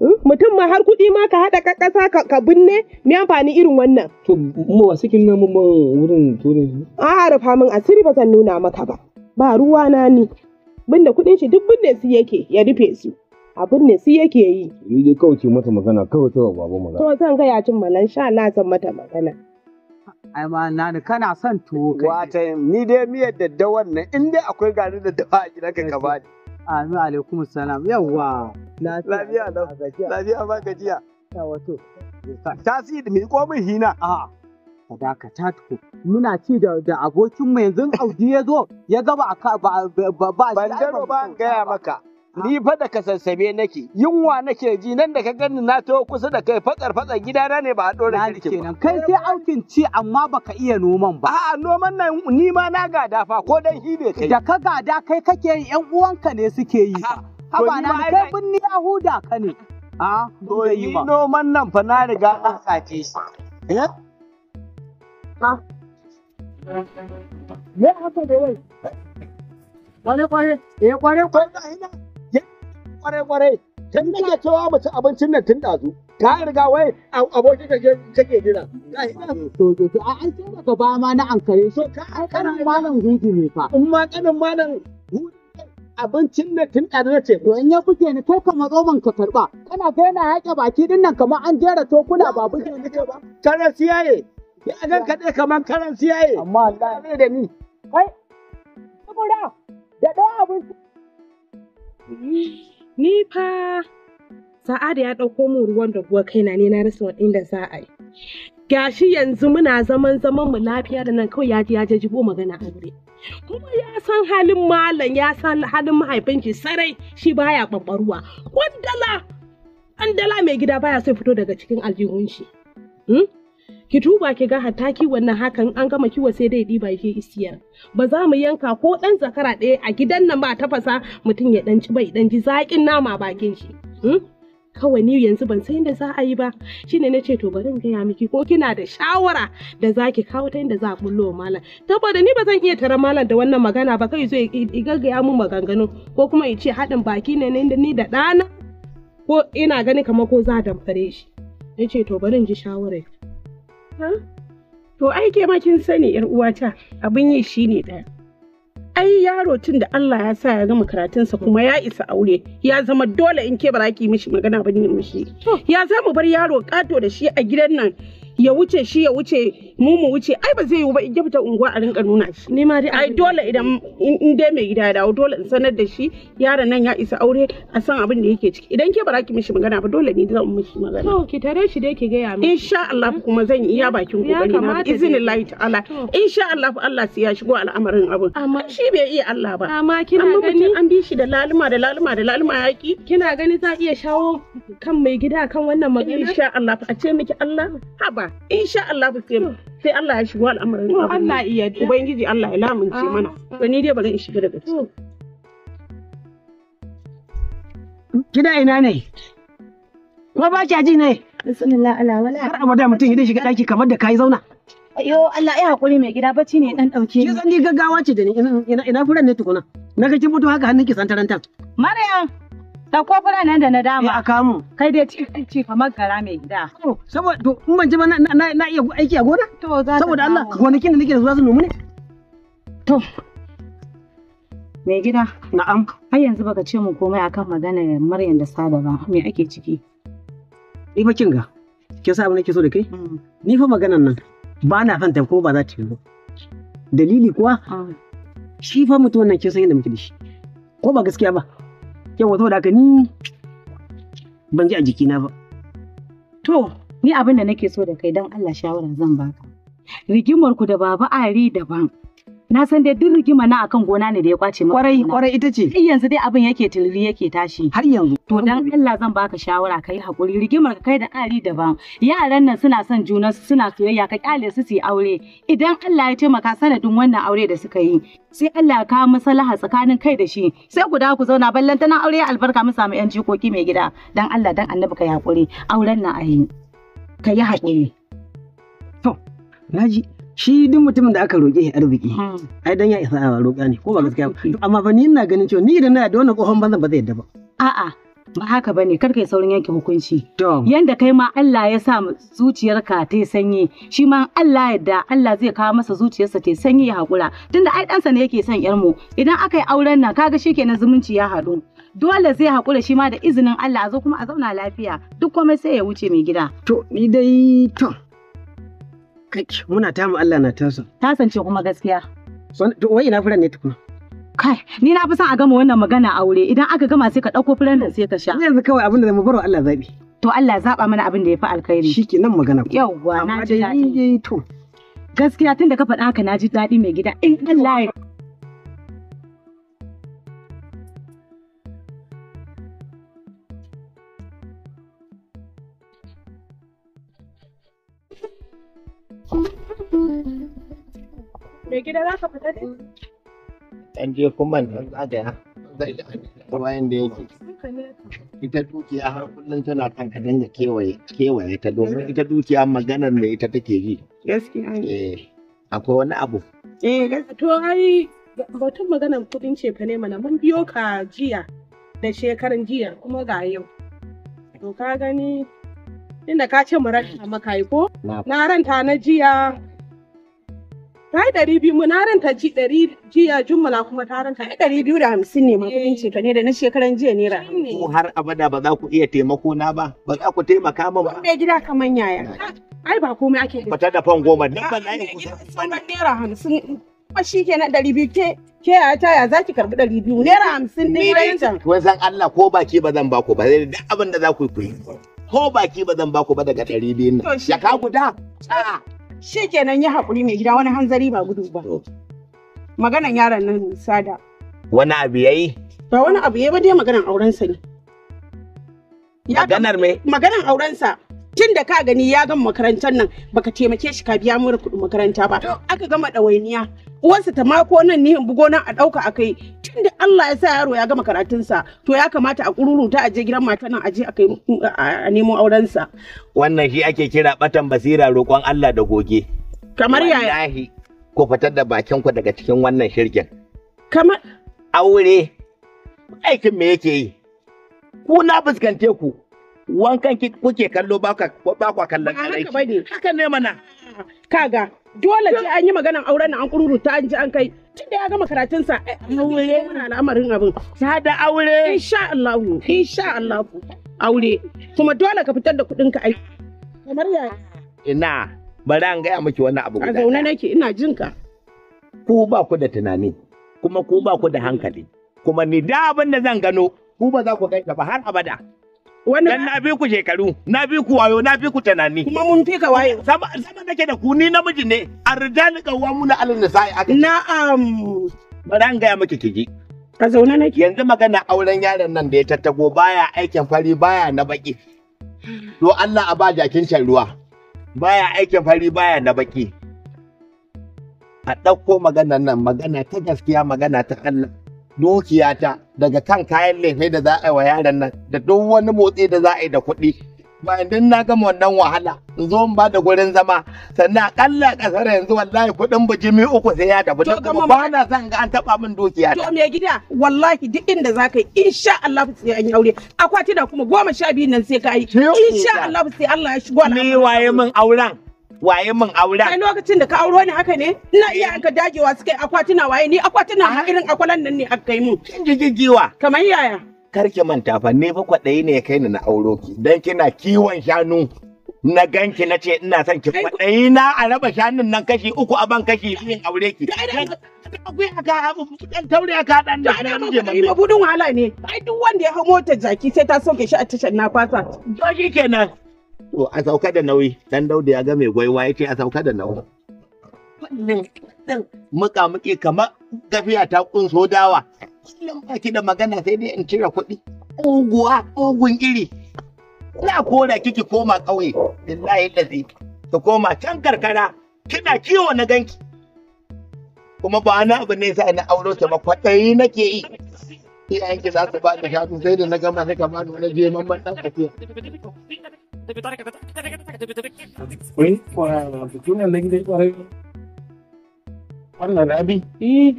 A: Eh, mutum ma har kuɗi ma ka haɗa ƙasa ka binne mai amfani irin wannan. To mu wasu kin nan man wurin turin. A'a harfa min asiri ba zan nuna maka ba. Ba ruwa na ni. Binne kuɗin shi duk binne su yake ya rufe su. a binne su yake yi. Ni dai kawai ce mata magana kawai ta baba magana. To zan gaya cin malan sha na san mata magana. Ai ma na ni kana son tuwo kai. Wata ni dai miyar daddawan nan in dai akwai da dawa a gidanka ka bani. Amin alaikum salam. Yawwa. Lafiya lau. Lafiya ba gajiya. Yawwa to. Tasiri mai komin hina. A'a. sadaka ta tuku muna ci da da abokin yanzu Audi ya zo ya gaba ba ba ba ba ba ba ba ba ba ni fa da kasassabe nake yunwa nake ji nan da ka gani na taho kusa da kai fatsar fatsar gidana ne ba a dora kirki ba kai sai aukin ci amma baka iya noman ba a'a noman nan ni ma na gada fa ko dan hi ne kai da ka gada kai kake yin yan uwanka ne suke yi haba na kai binni yahuda ka ne a to yi ma noman nan fa na riga na sace shi eh Me haka da wai? Wane kware? Eh kware kware? kwarai kwarai tun da cewa mu abincin nan tun ɗazu ka riga wai aboki ke jira to to to a an ce maka ba ma na ankare so ka kanin malam gudu ne fa in ma kanin malam abincin nan tun ɗazu na ce to in ya kuke ni kai ka matso ka karɓa kana ga yana yaƙe baki din nan kamar an jera tokuna ba buke ne ce ba karan siyaye ya gan dai kamar karan siyaye amma Allah ne da ni kai saboda da ɗan abinci hmm. ni fa sa'ada ya ɗauko min ruwan da buwa kaina ne na rasa waɗanda za a yi gashi yanzu muna zaman zaman mu lafiya da nan kawai ya yaje jibo magana aure kuma ya san halin malam ya san halin mahaifin shi sarai shi baya babbaruwa kwandala kwandala mai gida baya so fito daga cikin aljihun shi hmm? ki duba ki ga hatta ki wannan hakan an gama kiwo sai dai diba ke isiyar ba za mu yanka ko ɗan zakara ɗaya a gidan nan ba tafasa mutum ya ɗan ci bai dan ji zaƙin nama bakin shi hmm? kawai ni yanzu ban san yadda za a yi ba shine na ce to bari in gaya miki ko kina da shawara da za ki kawo ta inda za a bullo wa malam saboda ni ba zan iya tara malam da wannan magana ba kai zo ya gaggaya mu maganganu ko kuma in ce haɗin baki ne ni da ɗana ko ina gani kamar ko za a damfare shi na ce to bari in ji shawarar To ai ke ma kin sani yar uwata abin yi shi ne ɗaya. Ai yaro tun da Allah ya sa ya gama karatunsa kuma ya isa aure ya zama dole in ke baraki mishi magana ba ni mishi. Ya za bar yaro kato da shi a gidan nan ya wuce shi ya wuce mu mu wuce ai ba zai yiwu ba in fita unguwa a rinka nuna shi ni ma dai ai dole idan in dai mai gida ya dawo dole in sanar da shi yaron nan ya isa aure a san abin da yake ciki idan ke ba ki mishi magana ba dole ni zan mishi magana to ki tare shi dai ki ga ya insha Allah kuma zan yi iya bakin kokari na izinin Allah ta'ala insha Allah Allah sai ya shigo al'amarin abin amma shi bai iya Allah ba amma kina gani an bi shi da laluma da laluma da laluma ki kina gani za iya shawo kan mai gida kan wannan magana insha Allah a ce miki Allah haba In insha Allah ku kema sai Allah ya shigo al'amarin abu Allah iya ubangiji Allah ya lamunce mana to ni dai bari in shiga daga ciki Gida ina ne ko ba kya ji ne bismillah ala wala har abada mutum idan shiga daki kamar da kai zauna yo Allah ya hakuri mai gida bacci ne dan dauke ni zan ni gaggawa ce da ni ina ina furan ne tukuna na ga kin mutu haka hannunki santarantan maryam Da kofuna nan da na dama. Eh, a kamu. Kai dai cikin ci kamar gara mai gida. Saboda to in ban ji ba na iya aiki a gona? To za Saboda Allah gonakin da nake da su za su nomu ne. To. Mai gida. Na'am. Har yanzu baka ce mun komai akan maganar Maryam da Sada ba. Me ake ciki? Ni fa kin ga. Kin sa nake so da kai? Mm. Ni fa maganar nan ba na fanta ko ba za ta yi ba. Dalili kuwa ah. shi fa mutumin nan kin san yadda muke da shi. Ko ba gaskiya ba? Yau, saboda haka ni ban ji a jikina ba to ni abin da nake so da kai don Allah shawara zan baka rigimar ku da baba ari daban Na san dai duk rigima na akan gona ne da ya kwace maka. Kwarai kwarai ita ce. yanzu dai abin yake tiliri yake tashi. Har yanzu. To dan Allah zan baka shawara kai hakuri rigimar ka kai da kari daban. Yaran nan suna son juna suna soyayya ka kyale su su yi aure. Idan Allah ya taimaka sanadin wannan aure da suka yi sai Allah ya kawo maslaha tsakanin kai da shi sai guda ku zauna tana aure ya albarka mu samu yan jikoki mai gida dan Allah dan Annabi ka yi hakuri auren nan a Ka yi hakuri. To, naji. shi duk mutumin da aka roƙe shi arziki hmm. ai dan ya isa a roƙa ne ko ba gaskiya hmm. amma fa ni ina ganin cewa ni idan na da wannan kohon banzan ba zai yadda ba a'a ba haka bane kar kai saurin yanke hukunci yanda kai ma Allah ya sa zuciyarka ta sanyi shi ma Allah ya da Allah zai kawo masa zuciyarsa ta sanyi ya hakura tunda ai ɗansa ne yake son yar mu idan aka yi auren nan kaga shikenan zumunci ya haɗu dole zai haƙura shi ma da izinin Allah a zo kuma a zauna lafiya duk komai sai ya wuce mai gida. To ni dai to Kake muna tamu Allah na tasa. Tasance kuma gaskiya. To wai ina furen ne tukuna. Kai, ni na fi son a gama wannan magana aure idan aka gama sai ka ɗauko furen nan sai ka sha. Yanzu kawai abin da mu baro Allah zabi. To Allah zaɓa mana abin da ya fi alkhairi. Shi ke nan magana. Yawwa na ji daɗi. Gaskiya tun da ka faɗa haka na ji daɗi mai gida. In Allah ya Mai gida za ka fita Ɗan je kuma Zai da yake. Ita dukiya har kullum tana kan ka dinga kewaye kewaye ta domin ita dukiya maganar da ita take yi. Gaskiya ne. Eh, akwai wani abu. Eh to ai batun maganar kudin ce fa ne mana mun biyo ka jiya da shekaran jiya kuma ga yau. To ka gani inda ka ce mu ko? Na ranta na jiya ta yi ɗari biyu munaran ta ji ɗari jiya jummala kuma ta ranta yi ɗari biyu da hamsin ne ma eh. kuɗin ceto ne da na shekaran jiya naira Ko har abada ba za ku iya taimako na ba ba za ku taimaka ma ba me gida kaman yaya ai ba komai ake Fata da fan goma duk ban ayin kusa ban naira hamsin kuma shi ke na ɗari biyu ke ke ya ta ya za ki karɓi ɗari biyu naira hamsin ne ranta kun san Allah ko ba ke ba zan ba ku ba duk abin da za ku yi ko ba ke ba zan ba ku ba daga ɗari biyu nan ya ka guda shi kenan ya haƙuri mai gida wani hanzari ba gudu ba maganan yaron nan sada wani abu yayi ba wani abu yayi ba dai maganan aurensa ne maganar me maganan aurensa tun da ka gani ya gama makarantar nan baka taimake shi ka biya mura kuɗin makaranta ba aka gama ɗawainiya uwansa ta mako nan ni in bugo nan a ɗauka a kai tunda Allah ya sa yaro ya gama karatunsa to ya kamata a kururuta a je gidan matan nan a je a nemo aurensa. Wannan shi ake kira batan basira roƙon Allah da goge. Kamar yaya? Wallahi ku fitar da bakin ku daga cikin wannan shirkin. Kamar? Aure aikin me yake yi? Ku na fuskante ku wankan kuke kallo ba kwa kallon aiki. Haka ne mana. Kaga dole ce an yi maganan auren nan an kururuta an ji an kai tun da ya gama karatunsa eh, aure muna al'amarin abin ta da aure insha Allah insha Allah aure kuma dole ka fitar da kuɗin ka ai kamar ya ina bari an gaya miki wannan abu a zaune nake ina jin ka ku ba ku da tunani kuma ku ba ku da hankali kuma ni da abin da zan gano ku ba za ku gaita ba har abada Wani na bi ku shekaru, na bi ku wayo, na bi ku tunani. Kuma mun fi ka Zama zama nake da ku ni namiji ne. Arrijali da 'alan aka. Na'am. Bari an gaya miki kiji. Ka zauna nake. Yanzu magana auren yaron nan da ya tattago baya aikin fari baya na baki. To Allah a ba jakin shan ruwa. Baya aikin fari baya na baki. A ɗauko maganar nan magana ta gaskiya magana ta Allah. dukiyata daga kan kayan lefe da za a yi wa yaran nan da duk wani motsi da za a yi da kuɗi bayan din na gama wannan wahala in zo in da gurin zama sannan akalla kasar yanzu wallahi kuɗin bijimi uku sai ya tafi don kuma ba na son ga an taɓa min dukiya to me gida wallahi duk inda za ka yi insha Allah sai an yi aure akwati da kuma goma sha biyu nan sai ka yi insha Allah sai Allah ya shigo ni waye min auren waye min aure. Kai lokacin da ka auro ni haka ne? Ina iya aka eh. dagewa suka yi akwatuna waye ni akwatuna ma ah. irin akwalan nan ne aka yi mun. Kin gigiwa. Kamar yaya? Karki manta fa ne fa kwaɗayi ne ya kai ni na auro ki dan kina kiwon shanu. Na ganki na ce ina son ki kwaɗayi na a raba shanun nan kashi uku a ban kashi in aure ki. Akwai aka abu dan taure aka dan da ana mije mai. Mabudin wahala ne. Ai duk wanda ya hau mota jaki sai ta soke shi a tashar na fasa. To kenan. To a sauka da nauyi, dan Daudu ya ga mai gwaiwa ya ce a sauka da nauyi. Wannan ɗin muka muke kamar gafiya ta kunso dawa. Kullum baki da magana sai dai in cire kuɗi. Uguwa, ugun iri. Na kora kiki koma ƙauye, billahi zai. Ka koma can karkara, kina kiwo na ganki. Kuma ba na abu ne sai na auro ta ba kwaɗayi nake yi. Iyayenki za su ba da shanu sai da na gama ba gama na je mamman ɗan tafiya. Wai, wa na gidan kwarai. Wannan rabi. Eh.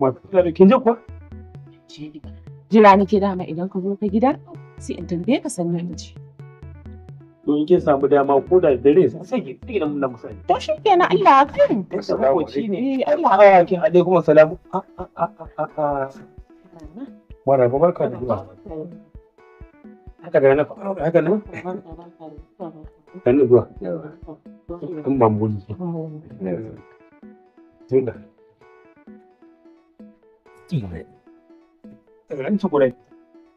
A: Wato, kin je kuwa? Jira nake dama idan ka zo ka gida sai in tambaye ka sannan na ce. dama ko da dare sai sai ki Allah ya kai mu. haka da na faɗa haka nan dan zuwa in ban buli tunda ran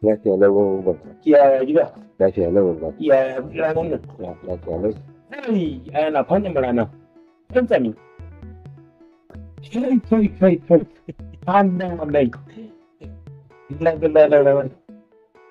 A: lafiya lau ban ya gida lafiya lau ban ya ranan nan lafiya lau ai ana fannin rana dan tsami kai kai kai kai hannun wallahi illa billahi la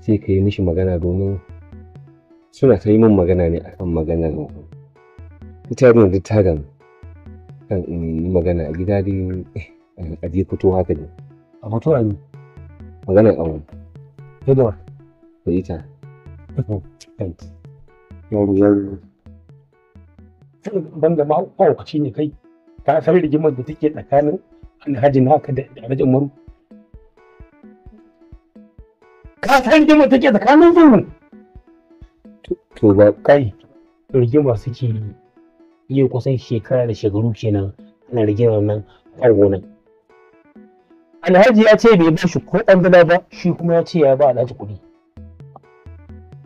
A: sai ka yi mishi magana domin suna ta yi min magana ne akan maganar mu. ita yarinyar duk ta gama kan yi magana a gida dai a je fito haka ne a fito a ne a awon hidima da ita yau yau ban da ma'aukaci ne kai ka san rigimar da take tsakanin alhaji naka da alhaji umaru ka san rigima take tsakanin su to ba kai rigima suke yi iya kusan shekara da shekaru kenan ana rigimar nan har gonan alhaji ya ce bai bashi ko ɗan ba shi kuma ya ce ya ba alhaji kuɗi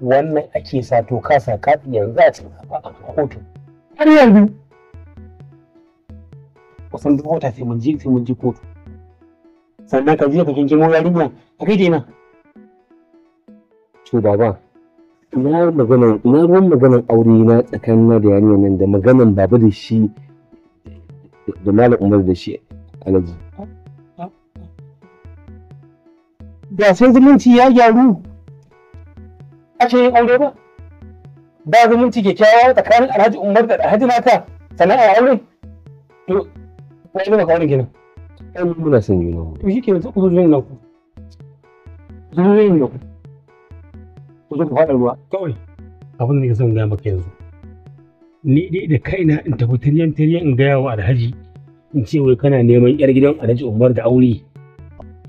A: wannan ake sa to ka sa ka yanzu a cikin a kotu har yanzu kusan duk wata sai mun ji sai mun kotu sannan ka je ka kinkimo yarinya a kai kenan to baba ina maganan ina ruwan maganan aure na tsakanin da yarinya nan da maganan baba da shi da malam umar da shi alaji da sai zumunci ya gyaru ake yin aure ba ba zumunci ke kyakkyawa tsakanin alhaji umar da alhaji nata sana'a auren to na yi ka auren kenan ɗan muna son yi na ku to shi ke yanzu ku zo zuwa ku zuwa na ku ku zo ku fara ruwa kawai abin da nake son gaya maka yanzu ni dai da kaina in tafi tiryan tiryan in gaya wa alhaji in ce wai kana neman yar gidan alhaji umar da aure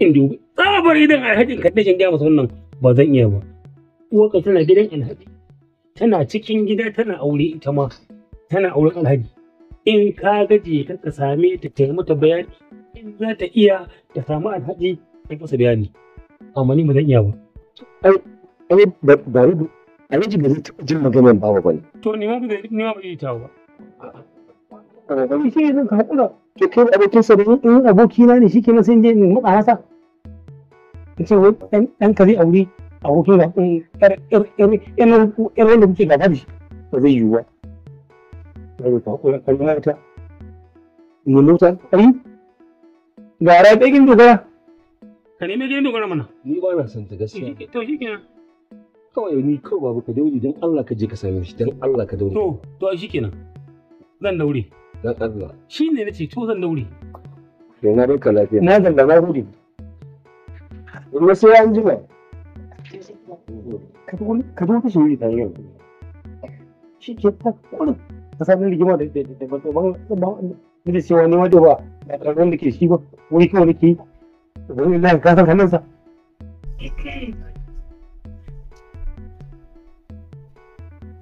A: in dubi tsabar gidan alhaji ka dace gaya masa wannan ba zan iya ba uwarka tana gidan alhaji tana cikin gida tana aure ita ma tana auren alhaji in ka gaje ka ka same ta ta mata bayani in za ta iya ta samu alhaji ta masa bayani amma ni ba zan iya ba ai ba rubu alhaji ba zai taɓa jin maganar babu ba ne. To ni ma ba zai ni ma ba zai tawo ba. Ba shi ne ka haƙura. To kai abokin sa in aboki na ne shi ke sai in je in matsa hasa. In ce wai ɗan ɗan ka zai aure abokin ga ƴar ƴar ƴar ƴar ƴar da kuke gaba da shi ba zai yiwu ba. Ba zai haƙura ka yi mota. Ni mota ai. Gara ɗakin dogara. Ka nemi gidan mana. Ni ba na son ta gaskiya. To shi kenan. kawai ni kawai babu ka dauri, don Allah ka je ka same shi don Allah ka daure to to shi shikenan zan daure dan Allah shine nace to zan daure to na ranka lafiya na zan da na gode ruwa sai an ji mai ka zo ka zo shi ne dan yau shi ke ta kullum ka sami rigima da da da ba ba da cewa ne wanda ba da karon da ke shi ba Wani kawai ne ke. Zan wani lafiya ka san kanansa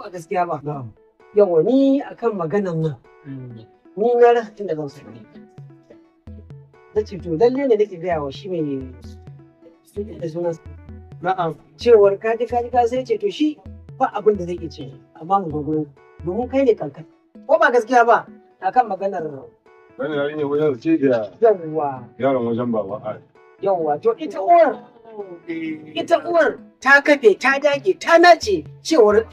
A: ba gaskiya ba yawa ni akan maganan nan ni na rasa tun da zan sani na ce to lalle ne nake gaya wa shi mai ne. da sunan na'am cewar kaji kaji ka sai ce to shi ba abin da zai iya ce amma mu gogo domin kai ne kankan ko ba gaskiya ba a kan maganar wani ne wajen ce da yawwa yaron wajen ba ba. yawwa to ita uwar ita uwar ta kafe ta dage ta nace cewar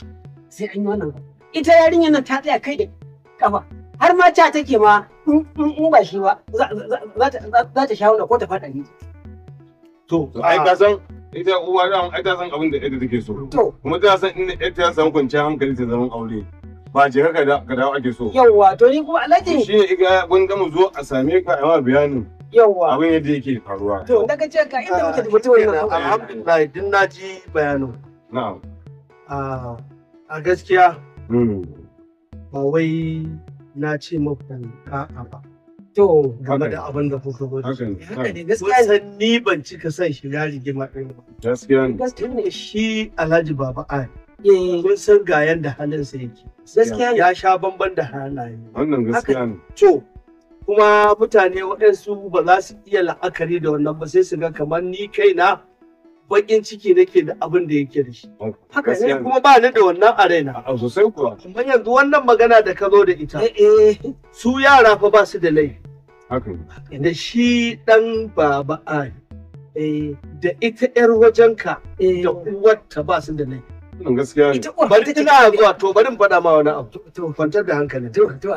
A: sai an yi wannan ita yarinyar nan ta tsaya kai da kafa har ma ta take ma in ba shi ba za ta shawo ko ta faɗa ni to ai ka san ita uwa da ai ta san abin da ita take so kuma ta san inda ita ta san kwanciyar hankali ta zaman aure ba je ka da ka dawo ake so yawa to ni kuma alaji shi ne iga gun da mu zo a same ka a ma bayanin yawa abin yadda yake faruwa to da ka ce ka inda muke da mutum wannan ah, alhamdulillah din na ji bayanin na'am ah, a gaskiya hmm. ba wai na ce mafi a'a ba to game da abin da kuka gudu gaskiya ni ban cika son shiga rigima ɗin ba gaskiya ne shi alhaji baba ai eh. kun san ga yanda halinsa yake gaskiya ya sha bamban da halaye
B: wannan gaskiya ne
A: to kuma mutane waɗansu ba za su iya la'akari da wannan ba sai su ga kamar ni kaina bakin ciki nake da abin da yake da shi. Haka ne kuma ba ni da wannan a raina. sosai kuwa. Kuma yanzu wannan magana da ka zo da ita. Eh, eh. Su yara fa ba su da laifi. Haka ne. Da shi ɗan baba Ali. Eh, da ita 'yar wajenka da uwarta ba su da laifi. gaskiya ne. Bari ina zuwa to bari faɗa ma wani abu. Kwantar da hankali.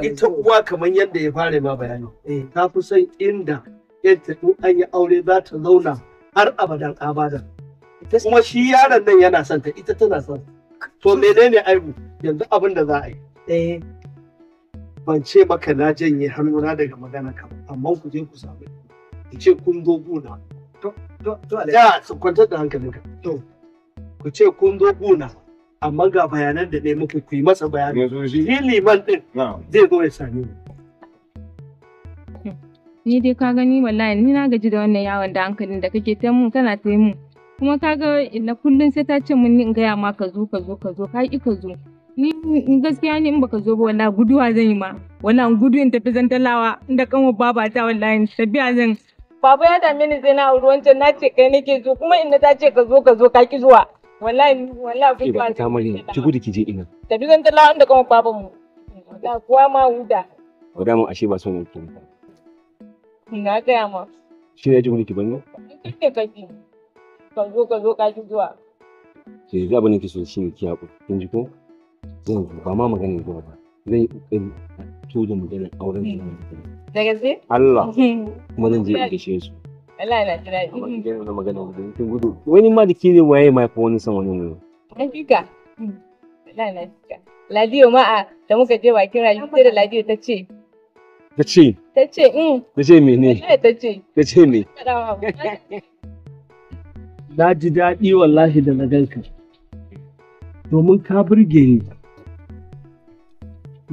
A: Ita uwa kamar yadda ya fara ma bayani. Ta fi son inda yadda in an yi aure za ta zauna har abadan abadan. kuma shi yaron nan yana son ta ita tana son to menene aibu yanzu abin da za a yi eh. ban ce maka na janye hannuna daga magana ka amma ku je ku samu ku ce kun zo guna to to to ya su kwantar da hankalinka to ku ce kun zo guna amma ga bayanan da ne muku ku yi masa bayanan shi liman din zai zo ya same ni dai ka gani wallahi ni na gaji da wannan yawon da hankalin da kake ta mu kana ta kuma ka ga na kullum sai ta ce mun in gaya ma ka zo ka zo ka zo ka ka zo ni gaskiya ne in baka zo ba wala guduwa zan yi ma wala gudu in tafi zan talawa inda kanwa baba ta wallahi tafiya zan Baba ya dame ni sai na auri wancan na ce kai nake zo kuma inda ta ce ka zo ka zo ka ki zuwa wallahi wallahi ku ba ta mari ki gudu ki je ina tafi zan talawa inda kanwa baban mu da kuwa ma huda wada mu ashe ba son mutum ba na ga ma shi ne ji gudu ki banne kike kake Kan zo kan zo ka ki ke Ki so shi ne ki haƙuri. Kin ji ko? Zan ba ma magana zuwa ba. Zan yi ƙoƙari to da maganar auren ne. Da gaske? Allah. Kuma zan je in gaishe su. Allah na kira ji. Amma ki magana da gudu. Wani ma da ke ne waye ma fa wani san wani ne. Na Allah na Ladiyo ma a da muka je bakin rayu sai da Ladiyo ta ce ta ce ta ce mm. ta ce mene ta ce ta ce na ji daɗi wallahi da na ganka domin ka burge ni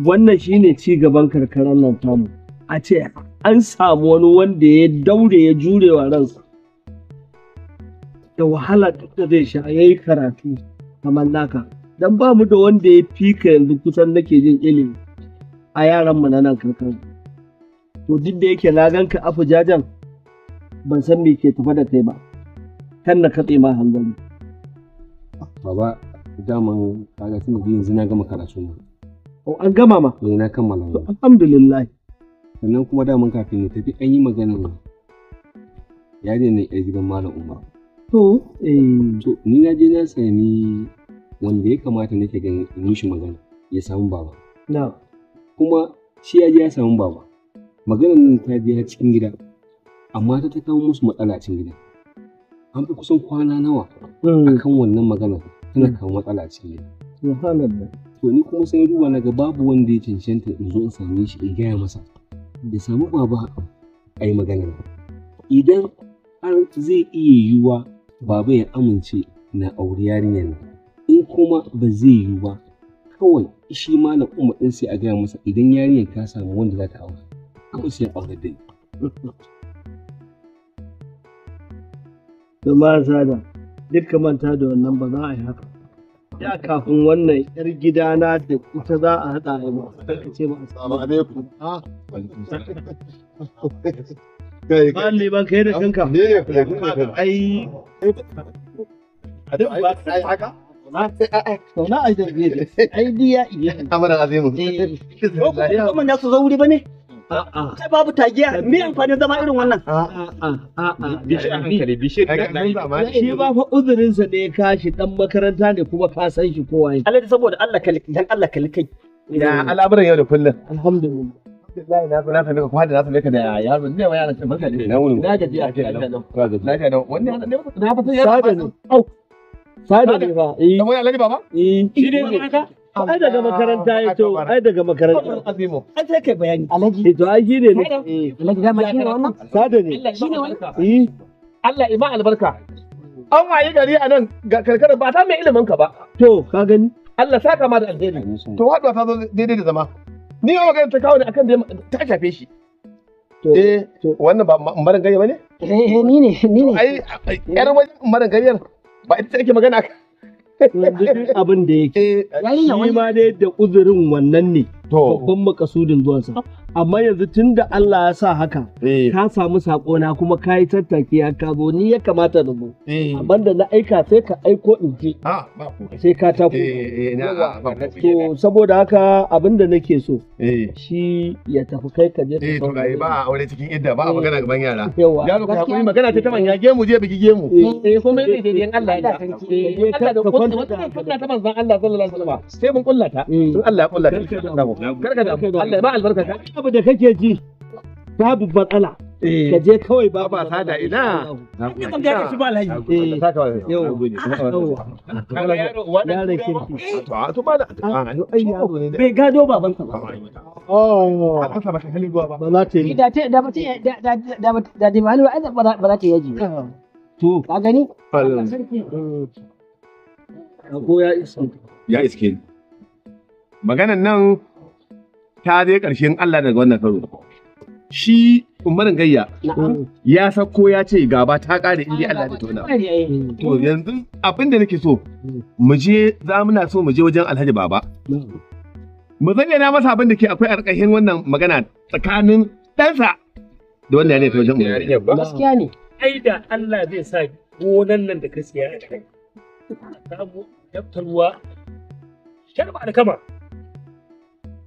A: wannan shi ne ci gaban karkarar nan tamu a ce an samu wani wanda ya daure ya jure wa ransa da wahala duk da zai sha ya yi karatu kamar naka don ba mu da wanda ya fi ka yanzu kusan nake jin ilimi a yaran mu na nan karkara to duk da yake na ka afu jajan ban san me ke tafa da kai ba kan na katse ma hanzari baba daman kaga tun da yanzu na gama karatu ma. o an gama ma eh na kammala to alhamdulillah sannan kuma daman kafin ne tafi an yi magana Ya ne yar gidan malam umar to eh to ni na je na sami wanda ya kamata nake ganin in magana ya samu baba na kuma shi ya je ya samu baba maganar nan ta je cikin gida amma ta ta kawo musu matsala cikin gida an fi kusan kwana nawa hmm. kan wannan maganar tana hmm. kawo matsala ce ne. to ni kuma sai duba na ga babu wanda ya cancanta in zo in same shi in gaya masa da samu baba a yi maganar idan har zai iya yiwuwa baba ya amince na auri yarinyar ne in kuma ba zai yiwu ba kawai shi ma na umar ɗin sai a gaya masa idan yarinyar ta samu wanda za ta aure kawai sai a aure dai to marasa da duk manta da wannan ba za a yi haka ya kafin wannan yar gidana da kuta za a haɗa a ba ka ce ba assalamu alaikum ha kai kai ban kai da kanka ne ne kai ai ai haka na ai da ai diya iya amara azimu eh. ko kuma na su zauri bane Sai babu tagiya me amfani zama irin wannan. Shi ba fa uzurinsa ne ka shi dan makaranta ne kuma ka san shi kowa ne. Alhaji saboda Allah ka dan Allah ka likai. Ya al'amuran yau da kullun. Alhamdulillah. na zo ka kuma da na same ka da yaro ne wai ana ce maka ne. Na wuni. Na gaji a kai. Na gaji. Wannan ne na fata yaro. Sada ne. Sada da fa. Eh. Wai Alhaji baba? Eh. Shi ne ai daga makaranta ya to ai daga makaranta ai sai kai bayani alhaji to ai shine ne alhaji dama shine wannan sada ne shine wannan Allah ima albarka an waye gari a nan ga karkara ba ta mai ilimin ka ba to ka gani Allah saka ma da alheri to haɗuwa ta zo daidai da zama ni yau magana ta kawo ne akan da ta shafe shi eh wannan ba maran gari bane eh ni ne ni ne ai yar maran gariyar ba ita take magana akan yanzu abin da yake eh, shi ma da yadda uzurin wannan ne babban makasudin zuwansa amma yanzu tun da Allah ya sa haka eh. ka samu sako na kuma ka yi tattaki ya ka ni ya kamata da mu amma da na aika sai ka aiko in ji sai ka tafi ku eh, eh, to saboda haka abin da nake so shi ya tafi kai ka je ka sauka ba a aure cikin idda ba a magana gaban yara yaro ka hakuri magana ta manya gemu je biki gemu eh ko me ne dai Allah ya Allah da kwanta ta manzon Allah sallallahu alaihi wasallam sai mun kullata in Allah ya kullata ka da Allah ba albarka ka abu da kake ji babu matsala eh. ka je kawai ba ba ta da da maganan nan ta je ƙarshen Allah daga wannan karo. Shi umarin gayya ya sako ya ce gaba ta ƙare inda Allah da tona. Eh. To yanzu abin da nake so mu je za muna so mu je wajen Alhaji Baba. Mu zayyana masa abin da ke akwai alƙahin wannan magana tsakanin ɗansa da wanda ya ne ta wajen mu. Gaskiya ne. Ai da Allah zai sa gonan nan da ka siya a kai. Samu daftar ruwa. ba da kama.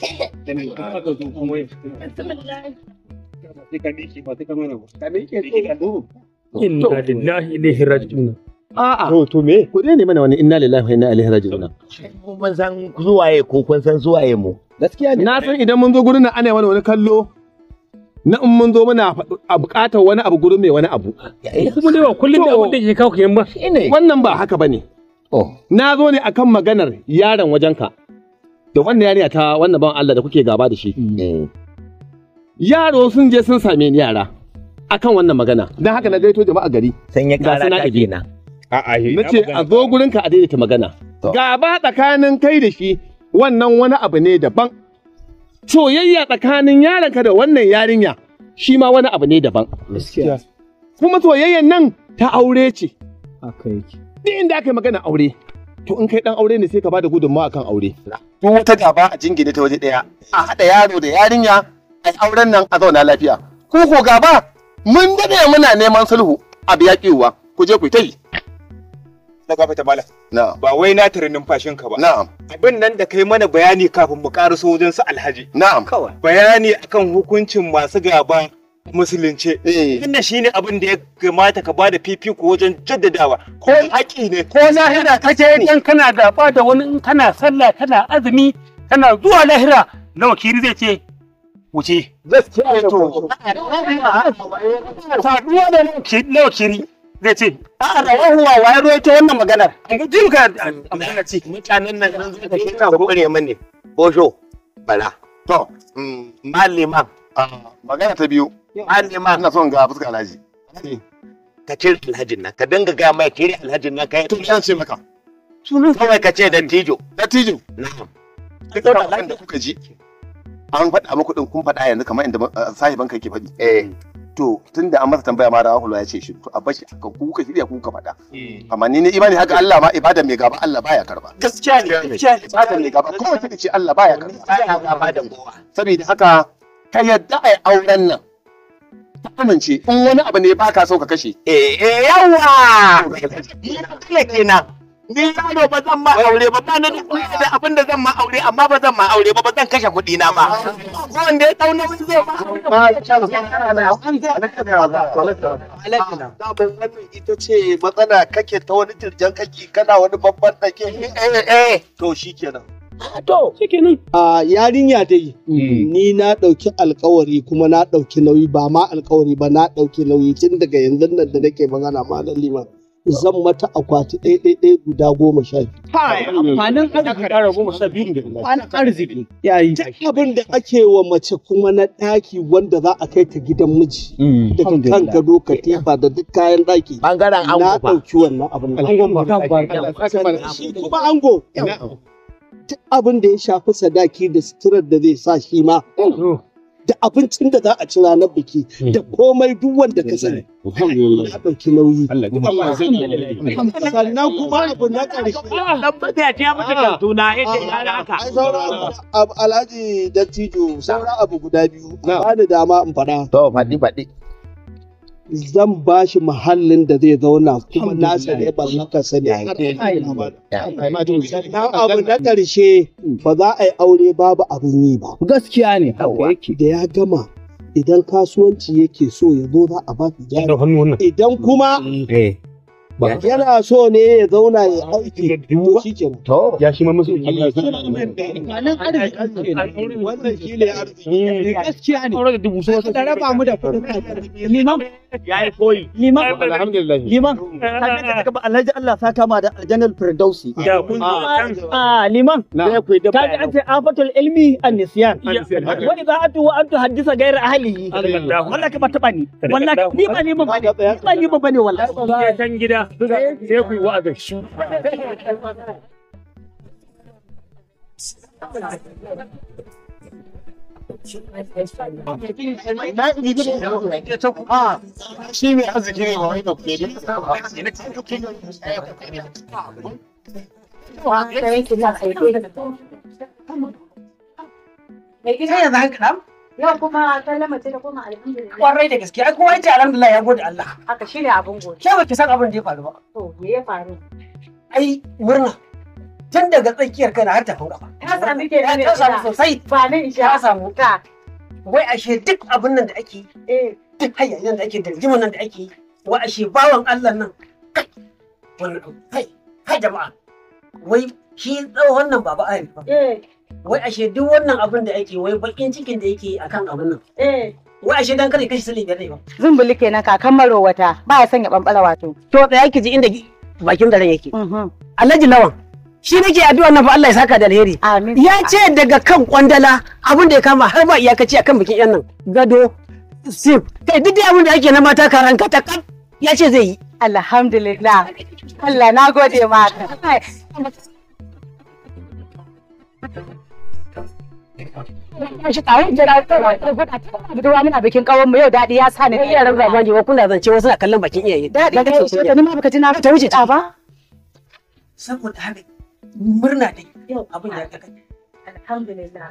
A: Inna lillahi wa inna ilaihi raji'un. Mun san zuwaye ko kun san zuwaye mu. Gaskiya ne. Na san idan mun zo gurin nan ana wani kallo na in mun zo muna a buƙatar wani abu gurin mai wani abu. Kuma ba kullum da abin da ke kawo ba. Wannan ba haka bane. Oh. Na zo ne akan maganar yaron wajenka. da wannan yarinya ta wannan ban Allah da kuke gaba da shi mm. eh. yaro sun je sun same ni yara akan wannan magana dan haka na gaito jama'a gari Sun ya kara ta na a a na ce a zo gurinka a daidaita magana gaba tsakanin kai da shi wannan wani abu ne daban soyayya tsakanin yaranka da wannan yarinya shi ma wani abu ne daban kuma soyayyan nan ta aure ce Din da aka yi magana aure to in kai dan aure ne sai ka bada gudunmawa akan aure To wata gaba a jingine ta waje daya a hada yaro da yarinya a auren nan a zauna lafiya ku ko gaba mun dade muna neman sulhu a biya kiwa ku je ku ta yi na gafe ta malam Na. ba wai na tare numfashin ka ba na'am abin nan da kai mana bayani kafin mu karaso wajen su alhaji na'am kawai bayani akan hukuncin masu gaba musulunci. inda shi ne abin da ya kamata ka bada fifiko wajen jaddadawa ko haƙi ne ko lahira kake idan kana gaba da wani in kana sallah kana azumi kana zuwa lahira na wakili zai ce wuce gaskiya to saduwa da na wakili zai ce a'a da wahuwa wa ya roito wannan maganar jin ka amana ci mutanen nan nan zai kashe ka gore mane bosho bala to malima magana ta biyu ba ne ma ina son ga fuska alhaji eh. ka cire alhajin nan ka dinga gaya mai kiri alhajin nan kai to yan ce maka sunan kawai ka ce dattijo dattijo na'am duk wannan da kuka ji an faɗa muku din kun faɗa yanzu kamar inda eh, sahiban kai ke faɗi eh to da an masa tambaya ma da Rahul ya ce shi to a bashi ka kuka shirya kuka faɗa eh. amma ni ne imani haka Allah ma ibada mai gaba Allah baya karba gaskiya ne gaskiya ne ibada mai gaba kuma ce Allah baya karba Sabida haka ka yadda yi auren nan ta amince in wani abu ne baka so ka kashe eh eh yawa ina kale kenan ni yaro ba zan ma aure ba ba na da abin da zan ma aure amma ba zan ma aure ba ba zan kashe kuɗi na ba ko wanda ya tauna wani zai ba Ba ba ba ya ce ana Da Alaikum. ita ce matsala kake ta wani tirjan kake kana wani babban dake eh eh to shikenan Ah, to, shikenan. A yarinya dai, hmm. ni na ɗauki alkawari kuma na ɗauki nauyi ba ma alkawari ba na ɗauki nauyi tun daga yanzu nan da nake magana ma da liman. Zan mata akwati ɗaya ɗaya guda goma sha biyu. Ha, amfanin arziki ƙara goma sha biyu da amfanin arziki. Yayi. Duk abin da ake wa mace kuma na ɗaki wanda za a kai ta gidan miji. Hmm. Daga kan gado katifa da duk kayan ɗaki. Bangaren ango ba. Na ɗauki wannan abin. Ango ba. ba. ango. duk abin da ya shafi sadaki da suturar da zai sa shi ma oh. da abincin da za a ci ranar biki hmm. da komai duk wanda ka sani ya ɗauki nauyi sannan kuma abu na ƙarshe alhaji dattijo sauran abu guda biyu ba da dama in faɗa to faɗi faɗi zan ba shi muhallin da zai zauna kuma nasa ne ba za ka sani dan abu na karshe ba za a yi aure babu abin yi ba gaskiya ne da ya gama idan kasuwanci yake so ya zo za a ba shi idan kuma mm. eh. yana so ne ya zauna ya aiki to shi ke to ya shi ma musu Allah wannan arziki wannan shi ne arziki hmm. gaskiya ne da dubu so raba mu da liman yayi koyi liman alhamdulillah liman alhaji Allah saka ma da firdausi ya kun a ah, ah, liman an ce afatul ilmi an nisyan wani za a tuwa ahlihi wallahi ka ba taba ni wallahi ni ba ba ba ba wallahi suna sai ku yi wa'adin shi Na ilgili ne ta kuma shi ne arziki ne ba wai da kuɗi ne. Ne gida ya zaka Yau kuma sallama ce da kuma alhamdulillah. Kwarai da gaske, ai kowa yace alhamdulillah ya gode Allah. Haka shi ne abin gode. Ke baki san abin da ya faru ba. To, me ya faru? Ai, murna. Tun daga tsakiyar kai na har ta tafin ba. Ta sami ke ne. Ta samu sosai. Ba ne in sha. Ta samu. Ta. Wai ashe duk abin nan da ake yi. Eh. Duk hayyayen da ake da rigimin nan da ake yi. Wai ashe bawan Allah nan. Kai. Wannan kai. Kai jama'a. Wai shi tsawon nan baba Ayyuba. Eh. wai ashe duk wannan abin da ake wai bakin cikin da yake akan abin nan eh wai ashe dan kare kashi sulin biyar ne ba zumbuli kenan kakan marowata ba ya sanya bambara wato to da yake ji inda bakin garin yake mhm. alhaji lawan shi nake addu'a nan fa Allah ya saka da alheri ya ce daga kan kwandala abin da ya kama har ba iyakaci akan bikin yan nan gado sif kai duk abin da ake na mata karan katakam ya ce zai yi alhamdulillah
C: Allah na gode maka
A: bikin mu yau daɗi ya sani iya rarraba ne wa kuna zance wasu na kallon bakin iyaye daɗi ni ma baka ji na ta wuce ta ba saboda murna ta kai alhamdulillah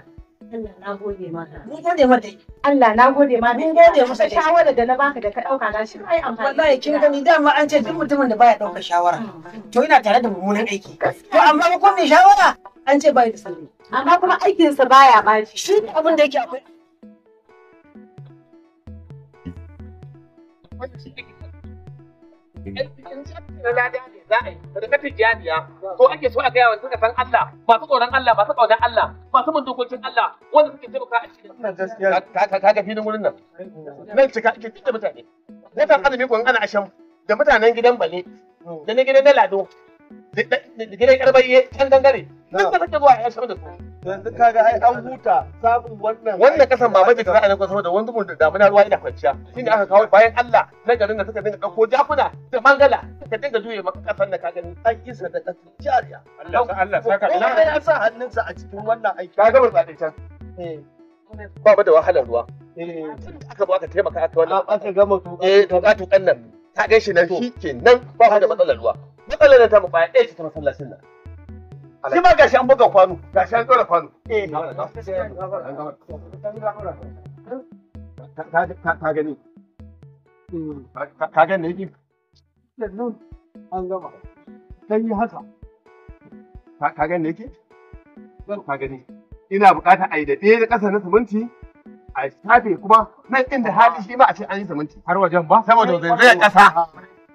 A: Allah na gode maka. Mun gode mata Allah na gode ma mun gode maka. Shawara da na baka da ka dauka na shi ai amfani. Wallahi kin gani dama an ce duk mutumin da baya dauka shawara mm. to yana tare da mummunan aiki. To amma ko mai shawara an ce bai da sani. Amma kuma aikinsa baya baci. Shi abin da yake akwai. Wanda shi ake. Yanzu za a yi sadakatin janiya ko ake so a gaya wanda suka san Allah masu tsoron Allah masu tsoron Allah masu mun dokokin Allah wanda suke taimaka a cikin nan gaskiya ka ga filin wurin nan nan cika ake cike mutane ne ta azumi ko ana asham da mutanen gidan bale da na gidan na lado gidan yar bayye can dangare duk da kake zuwa ya shirin da su yanzu kaga ai an huta samun wannan wannan kasan ba bace za a nan saboda wani zubin damuna ruwa ina kwanciya ne aka kawo bayan Allah na garin da suka dinga ɗauko jakuna da mangala ka dinga juye maka kasan da ka gani. dan isa da kasan jariya Allah ka Allah saka Allah ya sa hannunsa a cikin wannan aiki kaga eh. ba da can ba ba da wahalar ruwa eh. aka zo aka taimaka aka wannan aka gama tuka eh tuka tukan nan ta gaishe nan shi kenan ba da matsalar ruwa matsalar da ta mu kwaya ɗaya ce ta masallacin nan shi ma gashi an buga kwano gashi an ɗora kwano eh ka gani ka hmm. gani ne yanzu an gama sai yi haka ka gani ne ke ka gani ina bukata a yi da ɗaya da ƙasa na siminti a shafe kuma nan inda hali shi ma a ce an yi siminti har wajen ba saboda zai ƙasa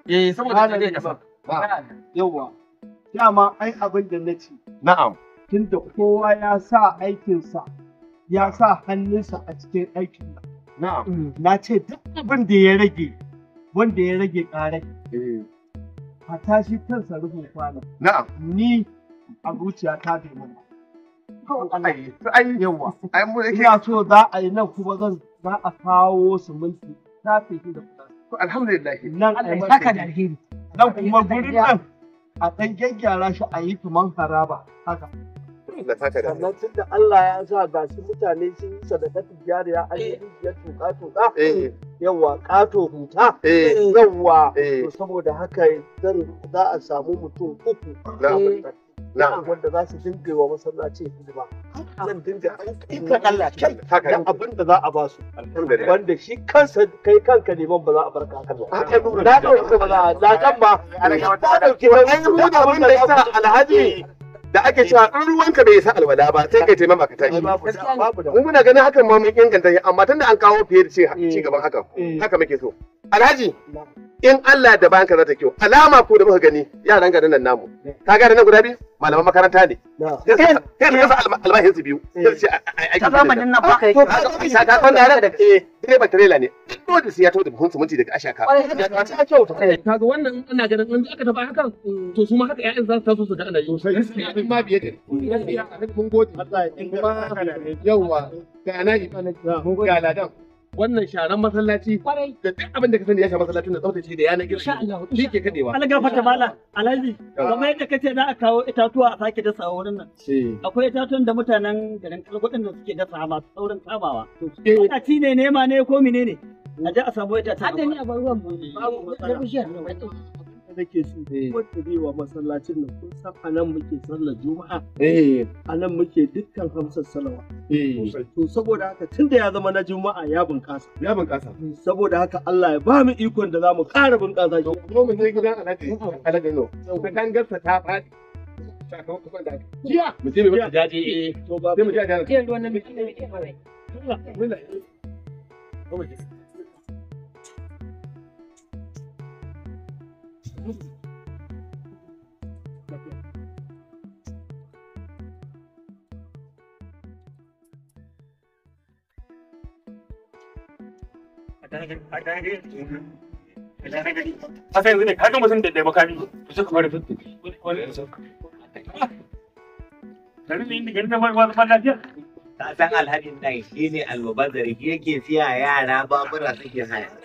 A: eh saboda zai ƙasa Yawwa, dama ai abin da na ce. Na'am. Tunda kowa ya sa aikinsa, ya sa hannunsa a cikin aikin Na'am. Mm. Na ce duk abin da ya rage, wanda ya rage ƙarai. Eh. A tashi kansa rufin kwana. Na'am. Ni a zuciya ta bai mana. Ai, ai, yawa. Ai, Ina so za a yi nan kuma zan za a kawo siminti. Ta fi da kuɗa. Alhamdulillah. Nan a yi masa. da alheri. nan kuma gurin nan a ɗan gyaggyara shi a yi tuman haraba haka. Sannan tun da Allah ya sa ga shi mutane sun yi sadakatun gyara a yi eh. ya tuka tuka eh. Yawwa, ƙato huta eh. yawa saboda haka zan za a samu mutum uku. wanda za su dinga wa masallaci hidima zan dinga aikin Allah kai da abin da za a ba su wanda shi kansa kai kanka neman ba za a barka haka ba na dauke ba na dan ba na dauke ba ai mu da abin da yasa alhaji da ake cewa in ruwanka bai sa alwala ba sai kai taimama ka tashi mu muna ganin hakan ma mun inganta amma tunda an kawo fiye da eh. ci gaban hakan eh. haka muke so alhaji in Allah da bayan ka za kyau alama ko da muka gani yaran garin nan namu ka ga nan guda biyu malaman makaranta ne kai ka sa almahin su biyu eh. ta zamanin nan baka ah, yake ka ga kon yaran da eh direba trailer ne to da siya to da buhun sumunci daga ashaka ta kyau ta ga wannan ina ganin in aka tafi hakan to su ma haka ƴaƴan za su taso su da ana yi sosai ma biye da mun gode yawa ga nan ga ladan wannan sharan masallaci da duk abin da ka sani ya sha masallacin da tsaftace da yanar gizo shi ke kadewa Allah gafarta mala alhaji kamar yadda kace za a kawo itatuwa a sake dasa wurin nan akwai itatuwan da mutanen garin kalgudin da suke dasa masu saurin kamawa ci ne nema ne ko menene na je a samu itatuwa da ni a bar ruwan mu babu matsala nake so wanda eh. zai wa masallacin nan kun san a nan muke sallar juma'a eh. a nan muke dukkan hamsar salawa eh. to saboda haka tun da ya zama na juma'a ya bunƙasa ya bunƙasa saboda haka Allah ya ba mu ikon da za mu ƙara bunƙasa shi ko mun sai gidan alaji alaji no kan garsa ta faɗi sakamakon da jiya mu je mu jaje eh to ba sai mutum je da jiya ruwan nan mu je mu je mu a sai yanzu ne kaga mutum da daimaka ni ku suka bari su garin ne garin da wani wani lafiya ka san alhaji nan yake siya yara babura suke haya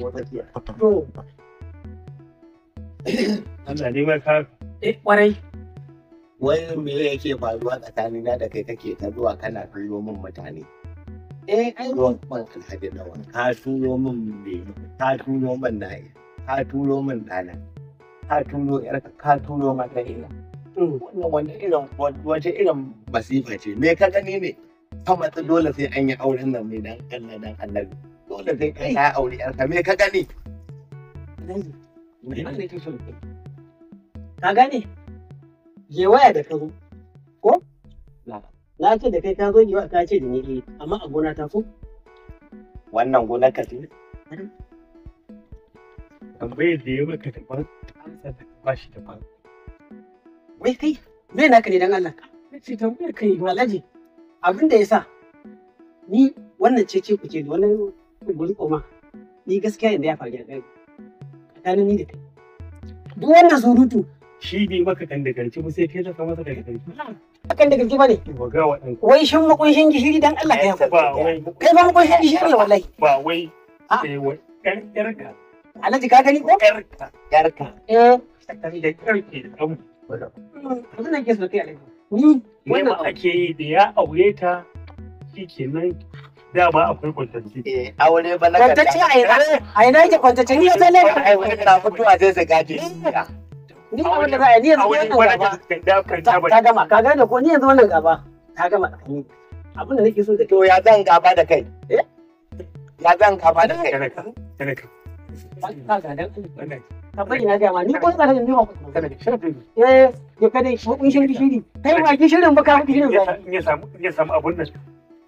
A: Allah wai me yake faruwa tsakanin da kai kake ta zuwa kana kallo min mutane eh ruwan ka turo min ka turo min ka turo min ka turo irin masifa ce me ka ne dole sai an yi auren nan dan Allah annabi wanda kai kai ya aure yarka me ka gani ka gane je waya da ka zo ko na ce da kai ka zo giwa ka ce da ni amma a gona ta ko? wannan gonar ka ce tambayar da ya maka daban amsar da ba shi daban wai kai me na ka ne dan Allah ce tambayar kai malaji abin da ya sa ni wannan ce ce kuke da wannan guri koma ni gaskiya yanzu ya faru da tsakanin ni da kai duk wannan surutu shi ne maka kan da sai kai zaka masa da garki kan da garki bane ga wai makunshin gishiri dan Allah kai ba kai ba makunshin gishiri wallahi ba wai eh wai kan yarka Alhaji ka gani ko? Yarka. Yarka. Eh. da da ke so kai Alhaji. Ni wannan ake yi da ya aure ta shikenan dama akwai kwantacce. A wani ba na Kwantacce a ina a ina yake kwantacce ni sai ne ai wani na mutuwa zai zaga ji. Eh. Ni ba wanda za a yi yanzu wannan gaba. Ta gama ka gane ko ni yanzu wannan gaba ta gama abin da nake so da to ya zan gaba da kai. Eh? Ya zan gaba da kai. Ka bari na gaya ma ni eh, ko tsare da ni ba ku. Eh, ya kada shi kun shiri shiri. Kai ba ki shirin ba ka ki shirin ba. Ya samu ya samu abun nan.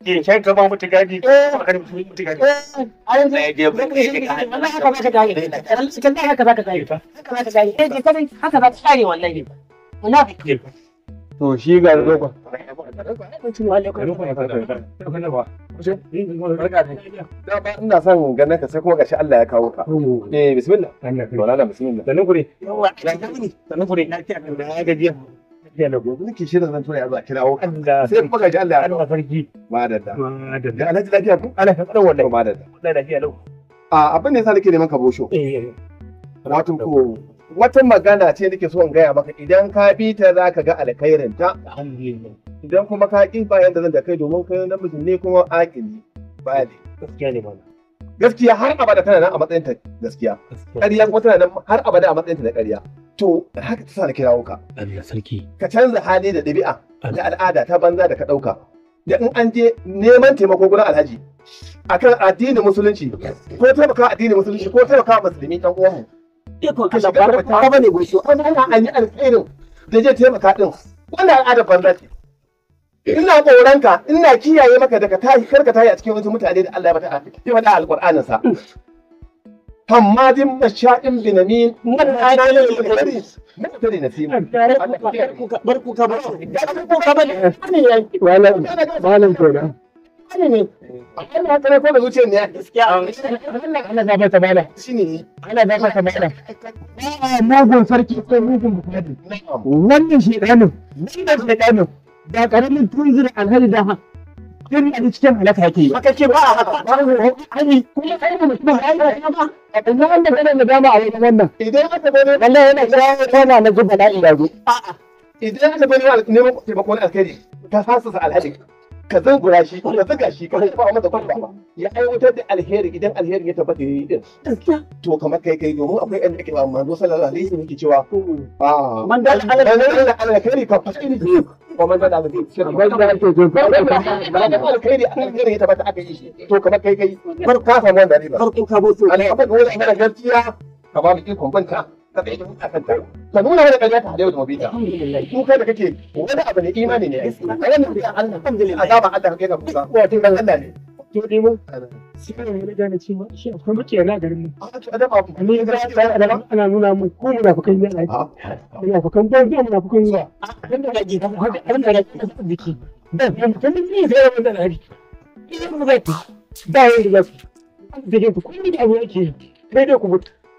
A: keken ka ba to shi ga roba ina son ganin ka sai kuma gashi Allah ya kawo ka eh bismillah to bismillah sanin kure sanin kure lafiya tafiya na gobe nake shirin zan tura yanzu a kirawo sai kuma gaji Allah ya Allah sarki madalla madalla alhaji lafiya ku Allah ka tsara wallahi madalla wallahi lafiya lau a abin ne yasa nake neman ka bosho eh wato ko wata magana ce nake so in gaya maka idan ka bi ta za ka ga alkhairin ta idan kuma ka ƙi ba yanda zan da kai domin kai namiji ne kuma aƙili ba ne gaskiya ne mana gaskiya har abada tana nan a matsayin ta gaskiya ƙarya kuma tana nan har abada a matsayin ta na ƙarya To haka ta sa na kirawo ka. Allah sarki. Ka canza hali da ɗabi'a da al'ada ta banza da ka ɗauka. Da in an je neman taimako gurin alhaji akan addinin musulunci ko taimaka addinin musulunci ko taimaka musulmi ɗan uwanmu. Iko Allah ba da fara bane gushi. wani ana an yi alkhairin da zai taimaka ɗin wannan al'adar banza ce. Ina tsoronka ina kiyaye maka daga tahi karka tahi a cikin wasu mutane da Allah ya bata a cikin faɗa alƙur'aninsa. Mm. hammadin masha'in binami من أنا الفريس da ne ko mugun bukadi. Wannan wannan da karamin tunzir alhali da din yanzu cikin halaka yake yi haka ce ba a haka ba kuma kai da mutum ai ba ba ina wanda kana da dama a wajen wannan idan aka bane wallahi yana jira kana na zuba na ilago a'a idan aka bane ka zangura shi ka zaga shi ka rufa masa kwalba ba ya aiwatar da alheri idan alheri ya tabbata yayi din to kamar kai kai domin akwai ɗan da ba manzo sallallahu alaihi wasallam yake cewa hmm. ah, a man da Allah alheri ka fasiri ji ko man da Allah shirka ba da ake zo ba alheri alheri ya tabbata aka yi shi to kamar kai kai bar ka samu wannan riba bar ka bo su alheri ba wannan gaskiya ka ba mu ikon ka tsaye a kanta nuna mana ƙarya ta da mabita ku kai da kake wani abu ne imani ne a yana da Allah alhamdulillah azaba Allah kake ga kusa ko tin dan Allah ne to dai mun sai mun yi gane cewa shi akwai muke na garin mu a to adaba ku ni ga ana nuna mun ku munafikan ne ai munafikan ban zai munafikan zuwa dan da rage dan da rage biki dan mutum ne zai rabu da rage ina mu zai ta da yin da ku da ku kun da abu yake dai dai ku mutu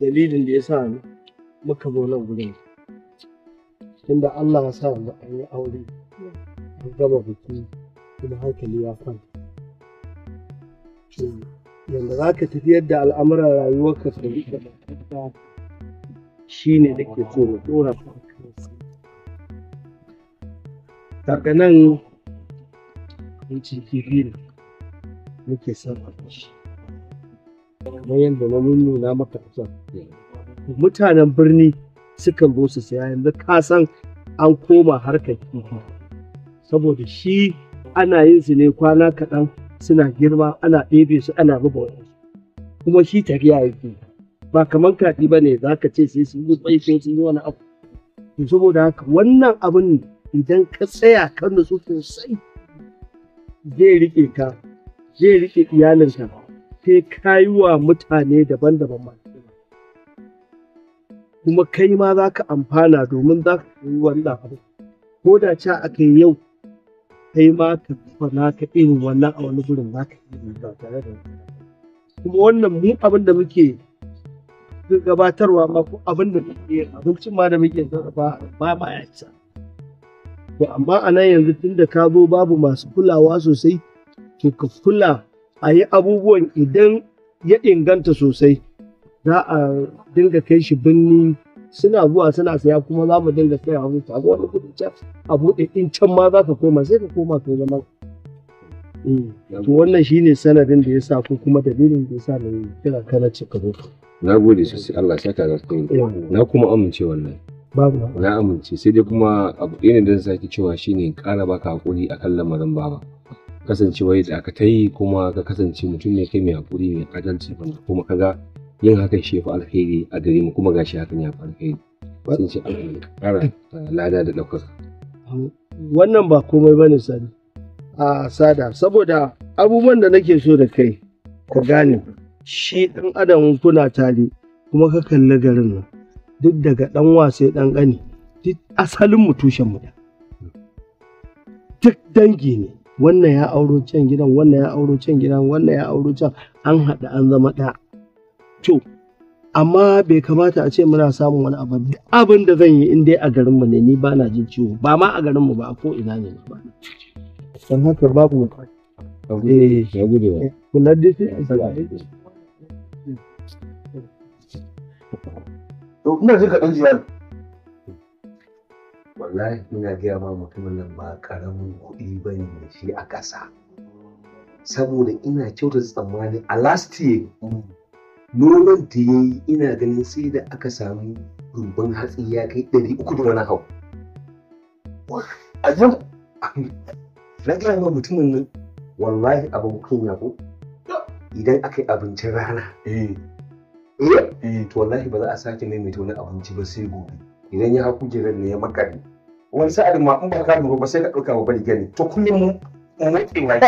A: dalilin da ya sa muka zo nan gudun inda Allah ya sa yanzu an yi aure an gama biki kuma hankali ya kwanta yanda za ka tafi yadda al'amuran rayuwarka ka da matarka shi ne da ke so mu ɗora daga nan an ci kifi ne muke sarrafa shi na yadda na nuna maka mutanen birni sukan zo su saya yanzu ka san an koma harkar kifi saboda shi ana yin su ne kwana kaɗan suna girma ana ɗebe su ana ruba kuma shi tafiya fi ba kamar kaɗi ba ne za ka ce sai su yi tsaifin su yi wani abu to saboda haka wannan abin idan ka tsaya kan nutsu sosai zai riƙe ka zai riƙe iyalinka sai ka yi wa mutane daban-daban martaba kuma kai ma za ka amfana domin za ka yi wannan abu ko da ca aka yi yau kai ma ka na ka irin wannan a wani gurin za ka yi tare da kuma wannan mu abin da muke gabatarwa ma ko abin da muke abincin ma da muke sarrafa ba ma ya ci to amma a nan yanzu tun da ka zo babu masu kulawa sosai to ka kula a yi abubuwan idan ya inganta sosai za a dinga kai shi birni suna zuwa suna saya kuma za mu dinga saya wani ta wani kudin da a buɗe in can ma za ka koma sai ka koma ka zama eh, to wannan shine sanadin da ya sa ko kuma dalilin da ya sa mai kira kana ce ka zo na gode sosai Allah ya saka gaskiya eh. na kuma amince wannan babu na amince sai dai kuma abu ɗaya ne da zaki cewa shine ƙara baka hakuri akan lamarin baba kasancewa yadda aka ta yi kuma ka kasance mutum ne kai mai hakuri mai adalci kuma kaga yin hakan shi fa alheri a gare mu kuma gashi hakan ya fa alheri sun ce alheri ƙara eh. Eh, lada da ɗaukar wannan ba komai bane sani a sada saboda abubuwan da nake so da kai ka gane shi ɗan adam kuna tare kuma ka kalli garin nan duk daga ɗan wasai ɗan ƙani duk asalin mu tushen mu da duk dangi ne wannan ya auro can gidan wannan ya auro can gidan wannan ya auro can an haɗu an zama ɗaya to amma bai kamata a ce muna samun wani abu abin da zan yi in dai a garinmu ne ni ba na jin ciwo ba ma a garinmu ba a ko ina ne ba san haka babu ya eh. eh, kula da shi a eh. ina jin kaɗan jiyar wallahi ina gaya ma mutumin nan ba karamin kuɗi ba ne shi a ƙasa saboda ina kyauta tsammani a last year noman da ya yi ina ganin sai da aka samu rumbun hatsi ya kai ɗari uku da wani hau a na gaya ma mutumin nan wallahi abin kun ko idan aka yi abincin rana eh. Eh? eh to wallahi ba za a sake maimaita wani abinci ba sai gobe idan ya hau kujerar ne ya makare wani sa'adin ma in ba ka lura ba sai ka ɗauka ba bari gani to kullum mu wa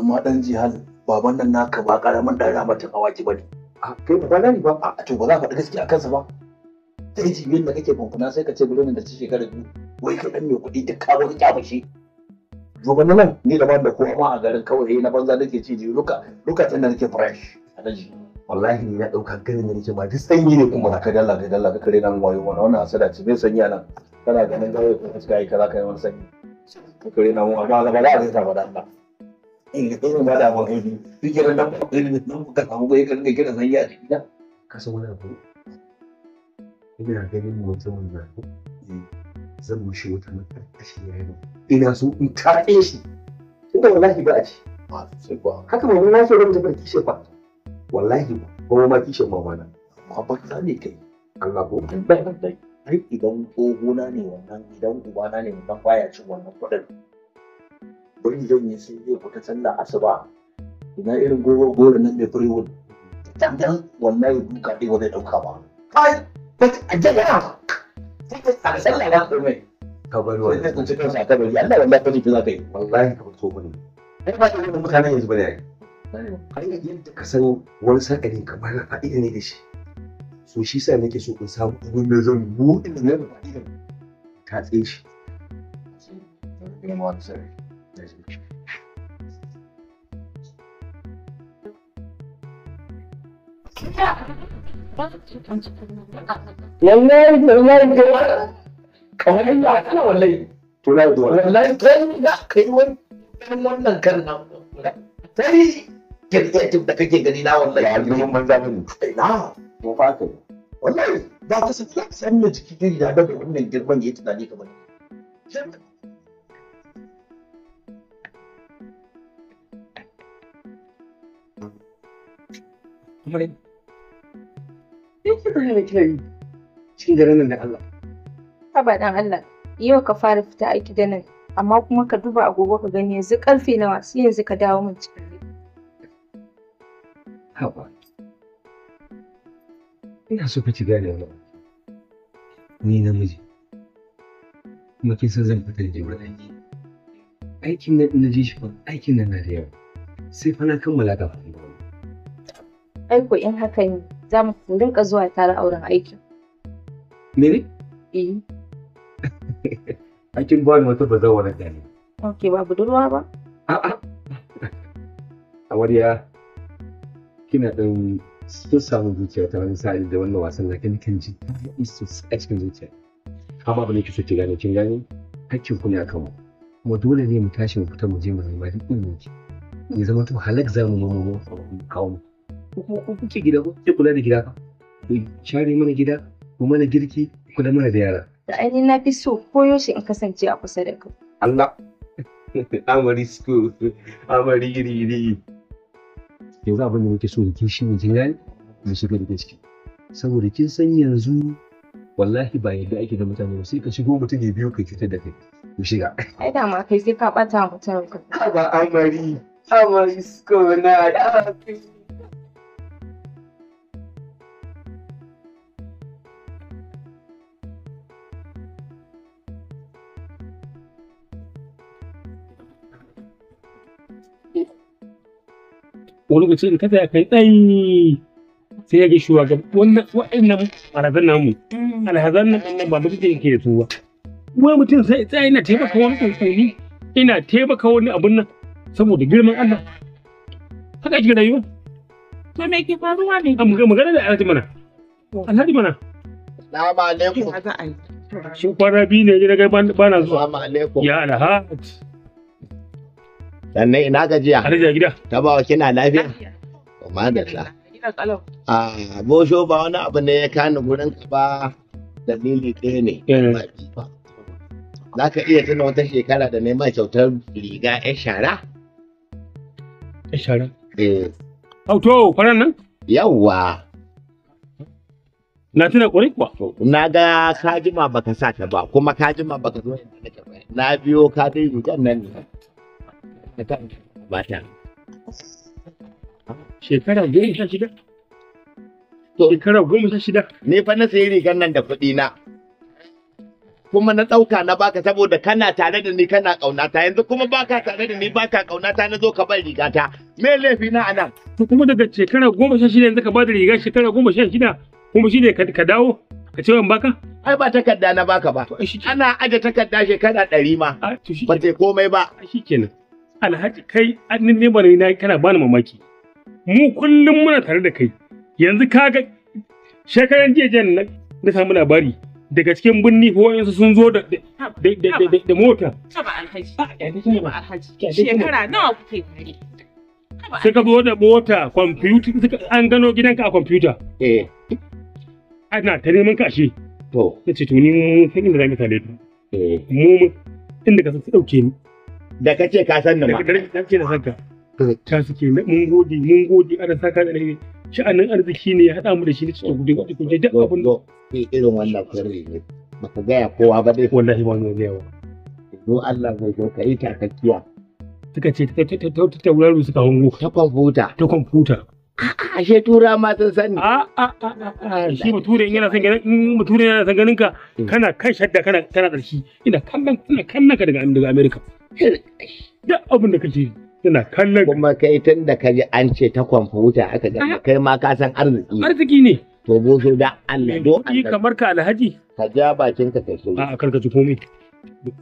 A: amma dan jihal baban nan naka ba karamin dan ramatin awaki ne. a kai ba gani ba a to ba za ka da gaskiya kansa ba sai jibin da kake bankuna sai ka ce nan da ci shekara biyu wai ka dan mai kuɗi duk ka wani kyamushi Zoban nan ni da ma da kowa a garin kawai eh, na banza nake ci ji ruka ruka tun da nake fresh alhaji wallahi ya ɗauka garin da nake ba duk sanyi ne kuma ka dalla ka dalla ka kare nan wayo wani wannan asada ce bai sanyi nan kana ganin gawo ko fuska yi kaza yi wani sanyi ka kare nan mu amma ba za a rinsa ba da Allah in ka ba da wani bi duk yaran da ku kare nan ku ka samu ga kan kira sanyi a cikin da ka san wani abu ina ganin mutumin na eh, zan mushi wata makarkashi ya yi ina so in taƙe shi tunda wallahi ba a ci haka mai na shi wani barki shi ba wallahi ba ma kishin mamana kwabata ne kai Allah ko bai bai ai idan gona ne wannan idan ubana ne wannan baya cin wannan kudin bari da yi sai zai fita sallah asuba ina irin goro goro nan mai firewood dandan wannan duka ɗin ba dauka ɗauka ba kai ba a jaya a sallah na ɗaume ka bari wani zai kunci kansa a kabari ya wallahi ka nufi za ka yi wallahi ka fito mini ai ba ta wani mutanen yanzu ba ne ai ai yadda ka san wani sa'ari kamar a ne da shi so shi sa nake so in samu abin da zan buɗe da na da fa'idan ka tsaye shi lallai lallai ga kamar yadda aka wallahi to na wallahi zan da kai wannan kan nan sai kin ɗin da kake gani na wallahi ya zama banza bane ina ko fa ka wallahi da ka san flex an ne jiki gari da daga wannan girman yayi tunani kamar kamar ne yake
B: da ne kai cikin garin nan da Allah
A: abadan Allah yau ka fara fita aiki da nan amma kuma ka duba agogo ka gani yanzu karfe nawa sai yanzu ka dawo mun cikin Haba. Ina so ci gane ba. Ni namiji. Kuma kin san zan fita da jibrin aiki. Aikin nan ina ji shi ba, aikin nan na da yawa. Sai fa na kammala ka fa. Ai ko in haka ne za mu dinka zuwa tare auren aikin. ne? Eh. Aikin ba ni wata bazawara na gani. Ok ba budurwa ba? A'a. Amarya. kina ɗan sun samu zuciya ta wani sa'ayi da wannan wasan na kani kan ji daɗi sosai a cikin zuciya amma ba ne ki so ki gane kin gane hakkin ku ne akan mu kuma dole ne mu tashi mu fita mu je mu zama duk ilimin ki ya zama to halak za mu mu kawo mu ko kuma ko kuke gida ko kuke kula da gida ka ku share mana gida ku mana girki ku kula mana da yara da ainihin na fi so koyaushe in kasance a kusa da ka. Allah Amari school, Amari riri. yanzu abin da muke so da kin shine ne kin gani mu shiga da gaske saboda kin san yanzu wallahi ba yadda ake da mutane ba sai ka shigo mutum ya biyo ka fitar da kai mu shiga ai da ma kai sai ka bata mutum ka ba amari amari suko na da wani lokaci in ka tsaya kai tsayi sai ya ga shugaban wannan wa'annan alhazan namu mm. alhazan nan nan ba mutum yake da su ba wai mutum sai tsaya ina taimaka wani kunkuni ina taimaka wani abun nan saboda girman Allah haka ake rayuwa to me ke faruwa ne magana da alhaji mana alhaji mana assalamu alaikum shi kwana biyu ne ya ga ba na zuwa ya alhaji Sannan ina gajiya? Alhaji gida. Tabawa kina lafiya? Madalla. A bosho ba wani abu ne ya kani gurin ka ba dalili ɗaya ne. Eh. Za ka iya tuna wata shekara da neman kyautar riga ya shara? ya shara? Eh. Auto, faran nan? Yawwa. Na tuna ƙwarai kuwa. Na ga kajima baka sa ta ba, kuma kajima baka zo inda nake ba. Na biyo ka dai gudan nan ne. bata shekara goma sha shida to shekara goma sha shida ne fa na sayi rigar nan da kuɗi na kuma na ɗauka na baka saboda kana tare da ni kana ƙaunata yanzu kuma baka tare da ni baka ƙaunata na zo ka bar rigata me laifi na anan to kuma daga shekara goma sha shida yanzu ka bada riga shekara goma sha shida kuma shine ka dawo ka ce ban baka ai ba takarda na baka ba ana aje takarda shekara ɗari ma ba ta komai ba shikenan alhaji kai an ne ni na kana bani mamaki mu kullum muna tare da kai yanzu kaga shekaran jiya jiya na samu labari daga cikin binni ko wayansu sun zo da da mota Saba alhaji ba alhaji shekara nawa kuke tare sai ka zo da mota kwamfuta an gano gidanka a kwamfuta eh ana ta neman kashe to nace to ni mun san inda zan ka sale mu inda ka san dauke ni da ka ce ka san ni ma. Da ce da sanka. Ta suke mun gode mun gode ana saka da ne sha'anin arziki ne ya haɗa mu da shi ne cikin gudu wata kuje da abin da. irin wannan kurri ne Ba ga gaya kowa ba dai. Wallahi wannan ne yawa. Do Allah zai zo ka ta kakkiya. Suka ce ta tauraro ta ta Ta ta Ta ta ashe tura ma sun sani a a a shi bature yana son ganin in bature yana son ganin ka hmm. kana kan shadda kana kana tsarki ina kallon ina kallon ka daga daga America duk abin da kace ina kallon kuma kai tun da kaji an ce ta kwamfuta haka da kai ma ka san arziki arziki ne to boso da Allah do Allah kamar ka alhaji ka ja bakin ka kai a a karka ji komai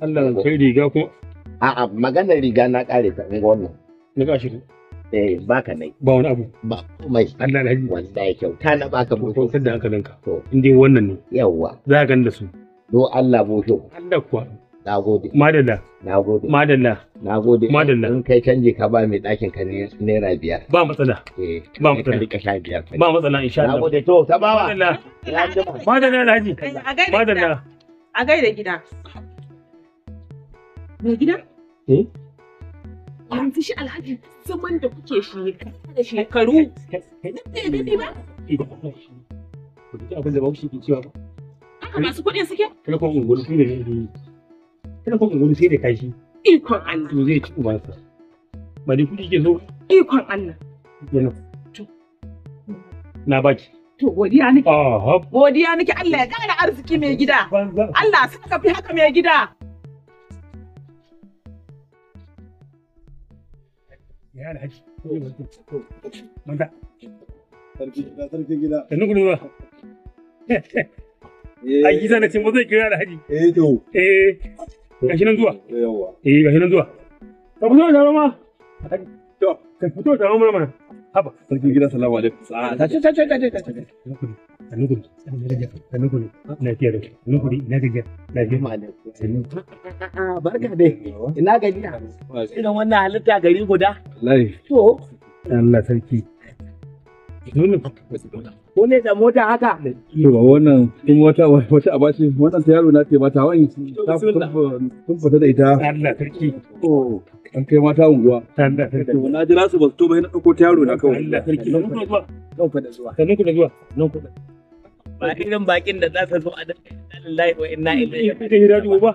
A: Allah sai riga kuma a'a maganar riga na kare ta ga wannan ni ga shirin eh baka nai ba wani abu ba komai Allah wanda wallahi kyauta na baka mu ko da aka danka to in dai wannan ne yawa za ka ganda su do Allah mu to Allah kuwa nagode madalla nagode madalla nagode madalla in kai canji ka ba mai dakin ka ne naira biyar ba matsala eh ba matsala ka sha biyar ba matsala insha Allah nagode to ta bawa madalla madalla alhaji madalla a gaida gida mai gida eh yanzu shi alhaji zaman da kuke shi shekaru da gani ba ku ji abin da ba shi ke cewa ba aka masu kuɗin suke telefon kuma ungulu sai da ne kada kuma ungulu sai da kashi ikon Allah to zai ci ubansa ba ni kuɗi ke so ikon Allah yana to na baki to godiya nake godiya nake Allah ya ƙara arziki mai gida Allah saka fi haka mai gida ya alhaji ne mutum manda sarki gida da nuku ruwa eh. ai gida na ce mu kira alhaji eh, eh. zuwa eh yawa eh zuwa ka ma ka mana haba sarki gida salamu alaikum ta ce ta ce ta ce ta ce ta da ta ina gajiya lafiya sannu barka dai ina gajiya irin wannan halitta gari guda lai to Allah sarki dole ko ne da mota haka to wannan kun wata wata wannan yaro na ce mata wani ta kun fita da ita Allah sarki oh an kai mata unguwa Allah sarki na jira su ba su na dauko ta yaro na kawai Allah sarki nan zuwa nan nan zuwa nan ba irin bakin da za ta zo a wa inna ilaihi raji'un ba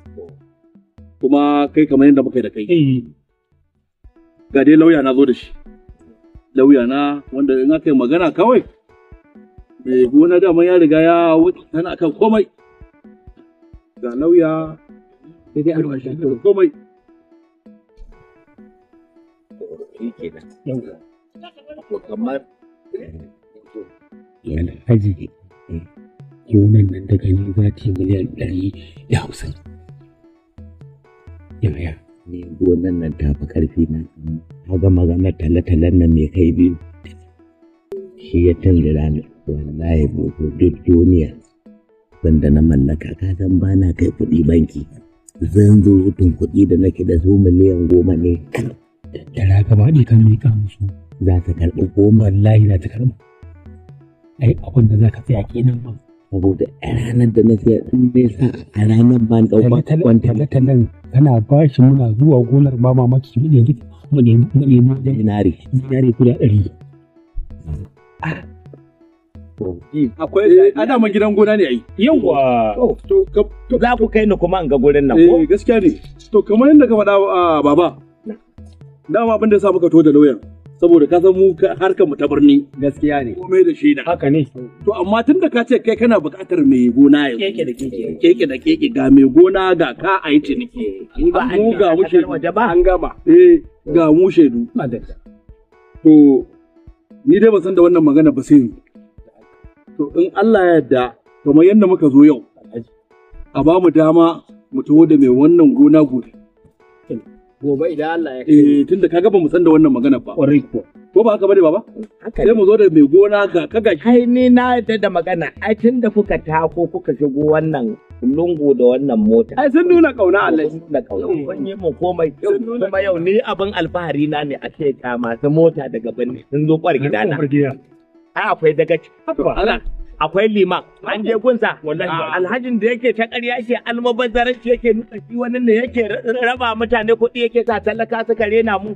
A: kuma kai kamar yadda muka yi da kai eh. ga dai lauya na zo da shi lauya na wanda in aka yi magana kawai mai gona dama ya riga ya wuce tana kan komai ga lauya sai dai alwashi komai kamar eh, alhaji yunan eh, nan daga gani za ta yi miliyan ɗari da hamsin yaya ni gonan nan ta fi karfi na kaga maganar talatalen nan mai kai biyu shi ya tallira ni wallahi boko duk duniya banda na mallaka ka san ba na kai kuɗi banki zan zo rutun kuɗi da nake da su miliyan goma ne tattara ka maɗi kan miƙa musu za ta karɓi goma wallahi za ta karɓi ai abin da za ka tsaya kenan ba saboda a ranar da na siya in ne a ranar ban ɗauka kwanta talle kana shi muna zuwa gonar ba mamaki mu nemi mu nemi mu nemi dinari dinari kuda ɗari akwai ana ma gidan gona ne ai yawa to za ku kai ni kuma an ga gurin nan ko eh, gaskiya ne to kamar yadda ka faɗa ah, baba dama abin da ya sa muka to da lauyan saboda ka san mu harkar mu ta birni gaskiya ne komai da shi na haka ne to amma tunda ka ce kai kana buƙatar mai gona yau keke da keke keke da keke ga mai gona ga ka a yi ciniki mu ga mu shaidu an gama eh ga mu shaidu to ni dai ban san da wannan magana ba sai to in Allah ya yarda kamar yadda muka zo yau a ba mu dama mu taho da mai wannan gona gobe gobe idan Allah ya kai eh tunda kaga ba mu san da wannan magana ba Kwarai ko ko ba haka bane baba sai mu zo da mai gona ga kaga kai ni na yadda da magana ai tunda kuka tako kuka shigo wannan lungu da wannan mota ai sun nuna kauna Allah sun nuna kauna ban yi mu komai kuma yau ni abin alfahari na ne ake ta masu mota daga birni sun zo kwar gidana ai akwai daga cikin akwai liman an je gunsa alhajin da yake ta ƙarya yake almubazzaranci yake nuka shi wani ne yake raba mutane kuɗi yake sa talaka suka rena mu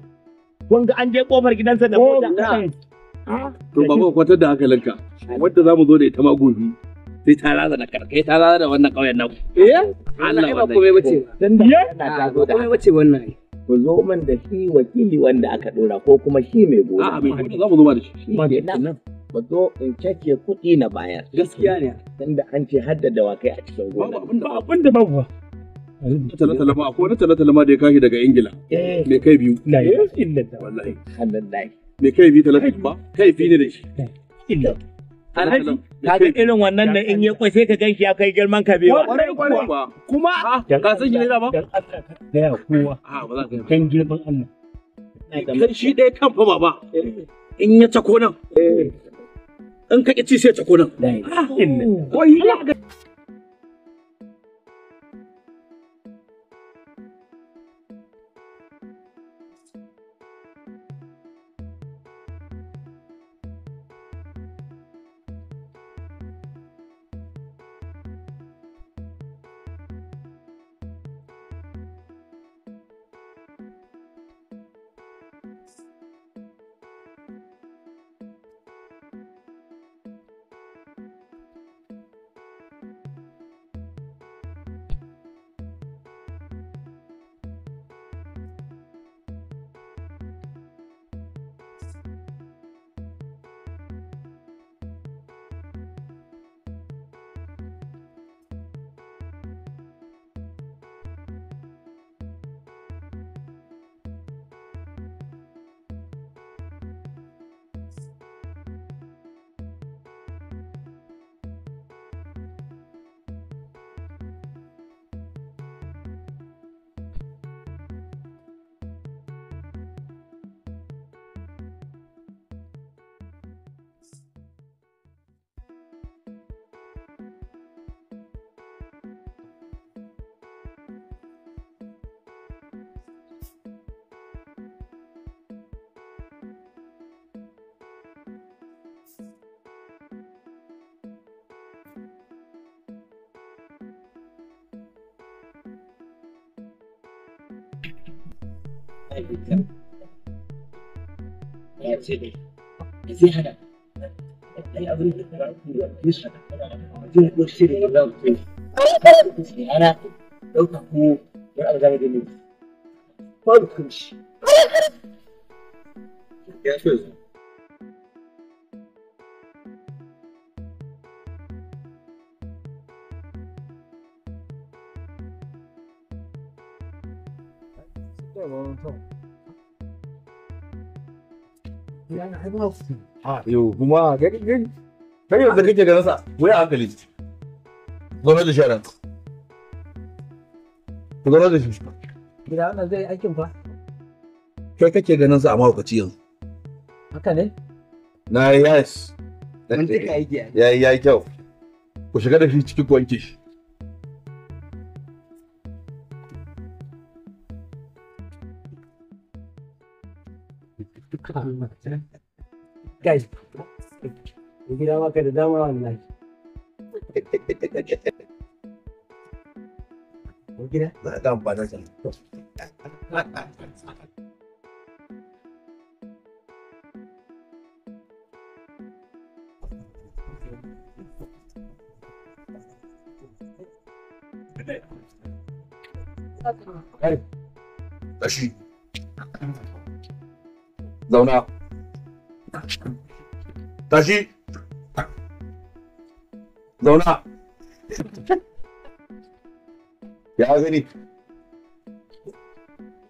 A: kun ga an je kofar gidansa da mota to ba ba kwata da hankalinka Wanda za mu zo da ita ma gobe sai ta raza da karkai ta raza da wannan ƙauyen nan eh Allah ba komai bace dan da ta zo da komai bace wannan ku zo man da shi wakili wanda aka dora ko kuma shi mai gona a'a mai hakki za mu zo ma da shi shi ne nan ba zo in cake kuɗi na bayar. Gaskiya ne. Tunda an ce hadda dawakai a cikin gona. Ba abin da babu ba. talatala ma akwai wani talatala ma da ya kashi daga ingila eh. mai kai biyu wallahi mai kai biyu talatala ba kai fi ne da shi Alhaji, ka ga irin wannan da in ya kwai sai ka ganshi ya kai girman ka bewa. Kuma ka san shi ne dama? Dan Allah ka gaya kowa. Dan girman Allah. Kan shi ɗaya kan fama ba. Eh. In ya ta nan. Eh. in ka ci sai ta kunan. Ah, wai التالي في حاجه انا اظن انك مش هتكون مشكله لو انا لو تكون يبقى جامد جدا ما بتكونش يا شوزو Yo kuma gani gani. Kai yanzu kake ganin sa wai a hankali. Gwamnati sharan. Ku gwamnati da shi. Gida wannan zai aikin fa. Kai kake ganin sa a mahaukaci yanzu. Haka ne? Na yes. Mun tuka aiki. Ya yi kyau. Ku shiga da shi cikin wanke shi.
B: Thank you.
A: Guys, da ka Zauna. tashi zauna ya gani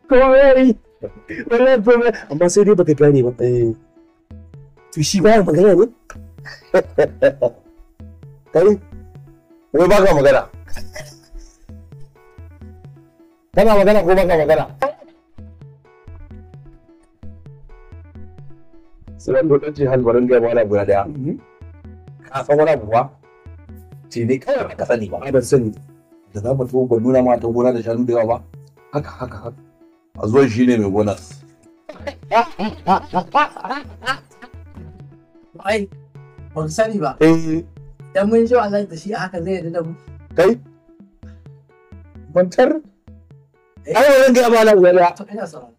A: kuma eh. ya yi sai dodon jihar barin gaba na guda daya mhm. ka san wani abuwa ce ne kawai ka sani ba ba sani da za mu to ban nuna ma ta gona da shanu da yawa ba haka haka haka a zuwan shi ne mai gona ai ban sani ba eh dan mun ji Allah da shi haka zai yadda da mu kai bantar eh. ai wannan ga ba na guda daya to ina saurara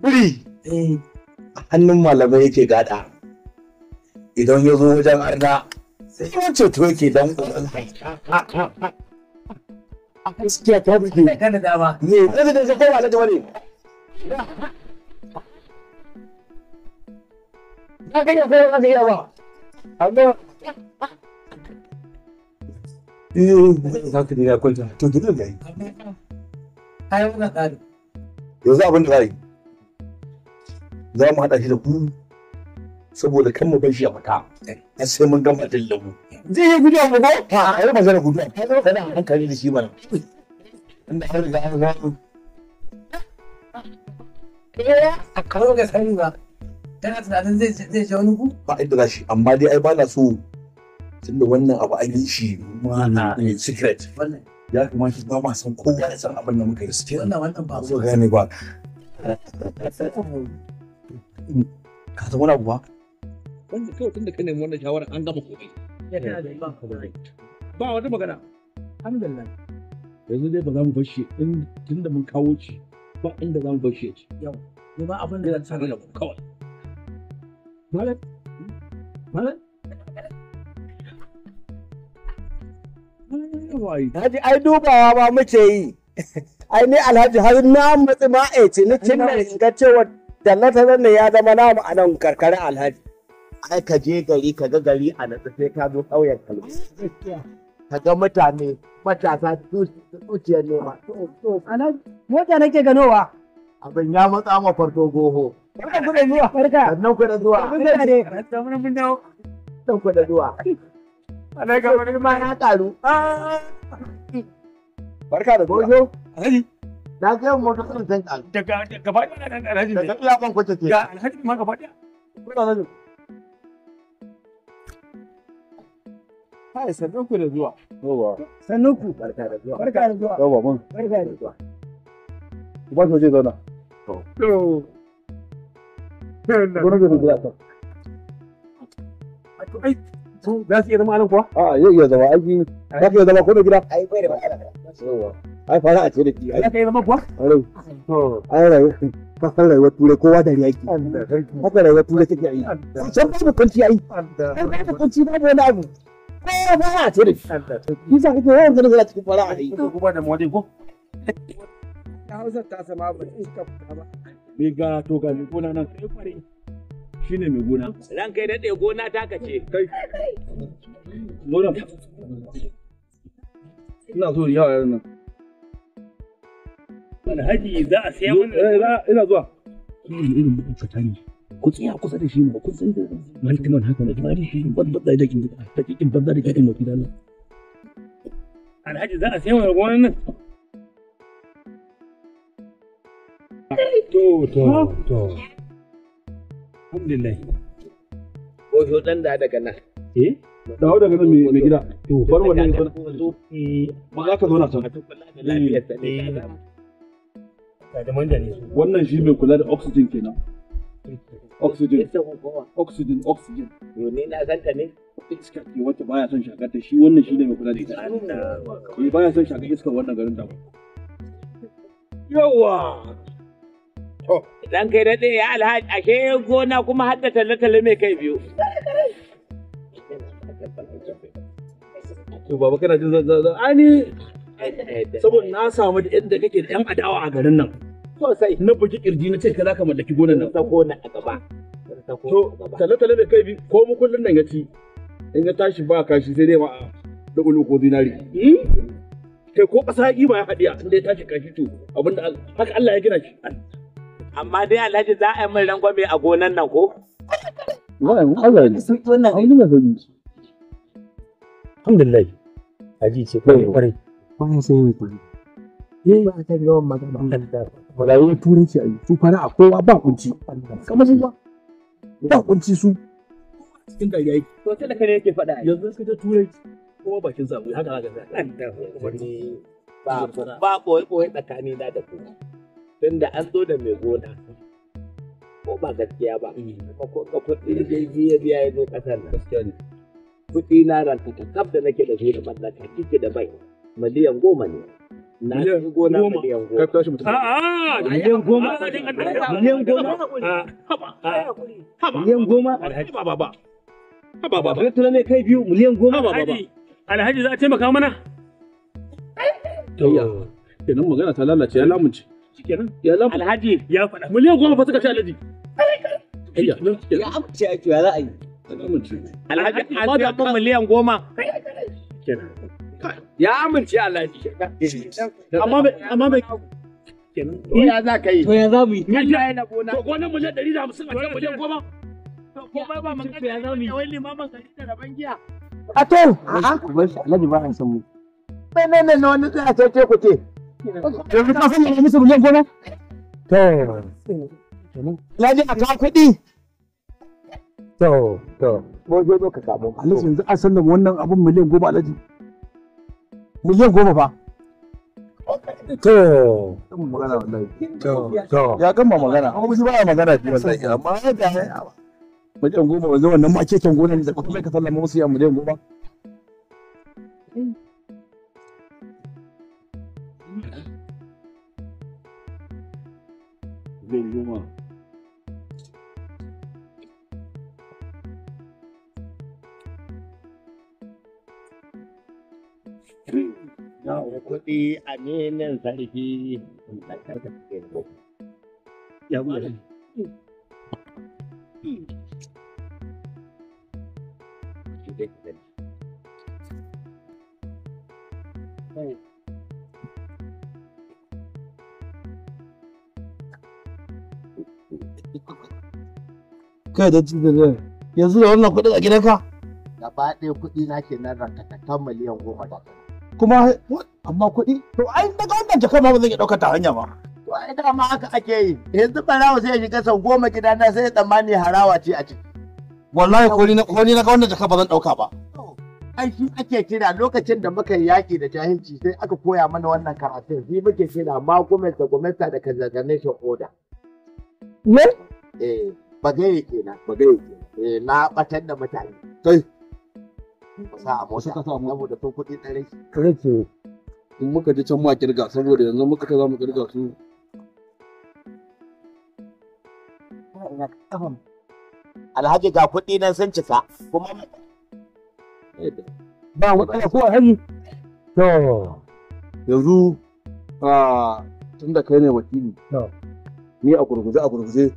A: buri eh hannun malamai yake gada idan ya zo wajen arna sai yake a ta ne ne kai na kai eh, kai za mu haɗa shi da ku saboda kan mu bai shi a fita na sai mun gama din lagu zai yi gudu mu go a yi magana gudu a kai kana hankali da shi mana inda har ga an ga a kawo ga sani ba tana tunanin zai zai je wani ku ba yi da shi amma dai ai ba na so tunda wannan abu an yi shi mana secret ya kamata ba ma san kowa ya san abin da muka yi wannan wannan ba zo gane ba ka san wani abu wanda kawai tun da ka nemi wannan shawara an gama komai ba wata magana alhamdulillah yanzu dai ba za mu bashi in tun da mun kawo ci ba inda za mu bashi ya ci yau ba abin da zan da ku kawai malam malam Haji ai dubawa ba muke yi. Ai ni Alhaji har na matsi ma eh, ce ni cin da ga cewa talle-tallen ne ya zama namu a nan karkarar alhaji ai ka je gari ka ga gari a natsa sai ka zo ƙauyen kalmi ka ga mutane matasa zuciyar nema anan mota nake ganowa abin ya matsa ma farko goho barka ku da zuwa barka sannan ku da zuwa barka ne sannan mun dawo sannan ku da zuwa nan ga wani ma na karu barka da zuwa. Na ga yawan san Kuna Hai, da zuwa. Yawa. ku. Barka da zuwa. Barka da zuwa. ba su zauna. za su iya zama anan kuwa? A'a, iya zama aiki. Za iya zama ko da gida? Ai,
B: bai da matsala.
A: ai fara a ce da ki ai kai zama kuwa ai to ai rayu ka san rayuwar turai kowa da yaki haka rayuwar turai take yi can babu kunci ai kunci wani abu a ce da kake yawan zan zara cikin fara a yi ko kuma da mawadi ko ta hausa ta sama ba iska ba me ga to ga ni ko nan kai fare shi ne mai gona. Ran kai daɗe gona ta kace. Kai. Gona. Ina so yawa nan. alhaji za a saya mana eh, ina zuwa irin ne ku tsaya kusa da shi kun san da haka ne ba shi da kin da kin da kin mafi dalla
B: alhaji za a saya mana gonan nan
A: to to to alhamdulillah ko zo dan da daga nan eh dawo daga nan mai gida to bar wannan ba eh, za ka zo na wannan shi mai kula da oxygen kenan oxygen oxygen oxygen yo ne na ganta ne iska ke wata baya son shakar ta shi wannan shi ne mai kula da ita eh baya son shakar iska wannan garin da yawa to dan kai daɗe ya alhaji ashe gona kuma har da talle-talle mai kai biyu to baba kana jin zan zan ani saboda na samu da inda kake da yan adawa a garin nan sosai na buki kirji na ce ka za ka mallaki gonan nan sako na a gaba to tale-tale da kai bi ko mu kullun nan ya in ya tashi ba kashi sai dai ma da ulu ko dinari hmm? kai ko ƙasa yi ba ya haɗiya in dai tashi kashi to abinda haka Allah ya gina shi amma dai Alhaji za a yi min rangwame a gonan nan ko ba Allah ne ai Alhamdulillah. Haji ce kai kwarai. Bayan sai yi kwarai. Ni ba ta wannan magana. ba rayuwar turanci a yi su a kowa ba kunci kamar su ba ba kunci su cikin gari to yake faɗa yanzu ta kowa ba ba tsakani da da tun tunda an zo da mai gona ko ba gaskiya ba mm. ko ka ya zo kasar nan na ranta ta da nake da su mallaka kike da bai miliyan goma ne miliyan goma ka kashe mutum a'a miliyan goma miliyan goma miliyan goma alhaji ba ba ba ba ba ne kai biyu miliyan goma ba ba alhaji za a taimaka mana to kenan magana ta lalace ya lamunce shikenan ya lamunce alhaji ya faɗa miliyan goma fa suka ce alhaji ya amince ya za a yi alhaji an miliyan goma kenan ya amince Allah amma amma bai kenan ya za ka yi to ya mu yi da ina gona to mu ne 150 a kan goma to ba mun ya za mu yi wai limamin ka da ku bar shi Alhaji ba san mu ne ne ne wani da a ce ku ce to ka san ne musu miliyan goma to Alhaji a ka kuɗi to to mu je ka samu Alhaji yanzu an san wannan abun miliyan goma Alhaji miliyan goma fa to To. ya gama magana amma shi baya magana shi wallahi amma ya ga miliyan goma wanzu wannan ma ke kan gona ne da kuma mai ka sallama musu ya miliyan goma Miliyan goma. Three. kuɗi aminin sarki. Kai da cikin yanzu da wannan kuɗi a gidanka? Gaba ɗaya kuɗi na ke nan rantakatan miliyan goma da kuma amma kuɗi to ai daga wannan jaka, ma ba zan iya ɗaukar ta hanya ba to ai da ma haka ake yi yanzu barawa sai ya shiga sau goma gidana sai ya tsammani harawa ce a ciki wallahi ko ni na ko ni na ga wannan jakar ba zan ɗauka ba ai shi ake kira lokacin da muka yaƙi da jahilci sai aka koya mana wannan karatun shi muke kira ma gwamnati gwamnati da conservation order ne eh yi kenan ba bagaye kenan eh na batar da mutane kai sa a mota saboda to kuɗi ɗare rake in muka ji can ma kirga saboda yanzu muka ta za mu kirga su alhaji ga kuɗi nan sun cika kuma ba tsaya ko alhaji to yanzu tun da kai ne wakili ni a gurguje a gurguje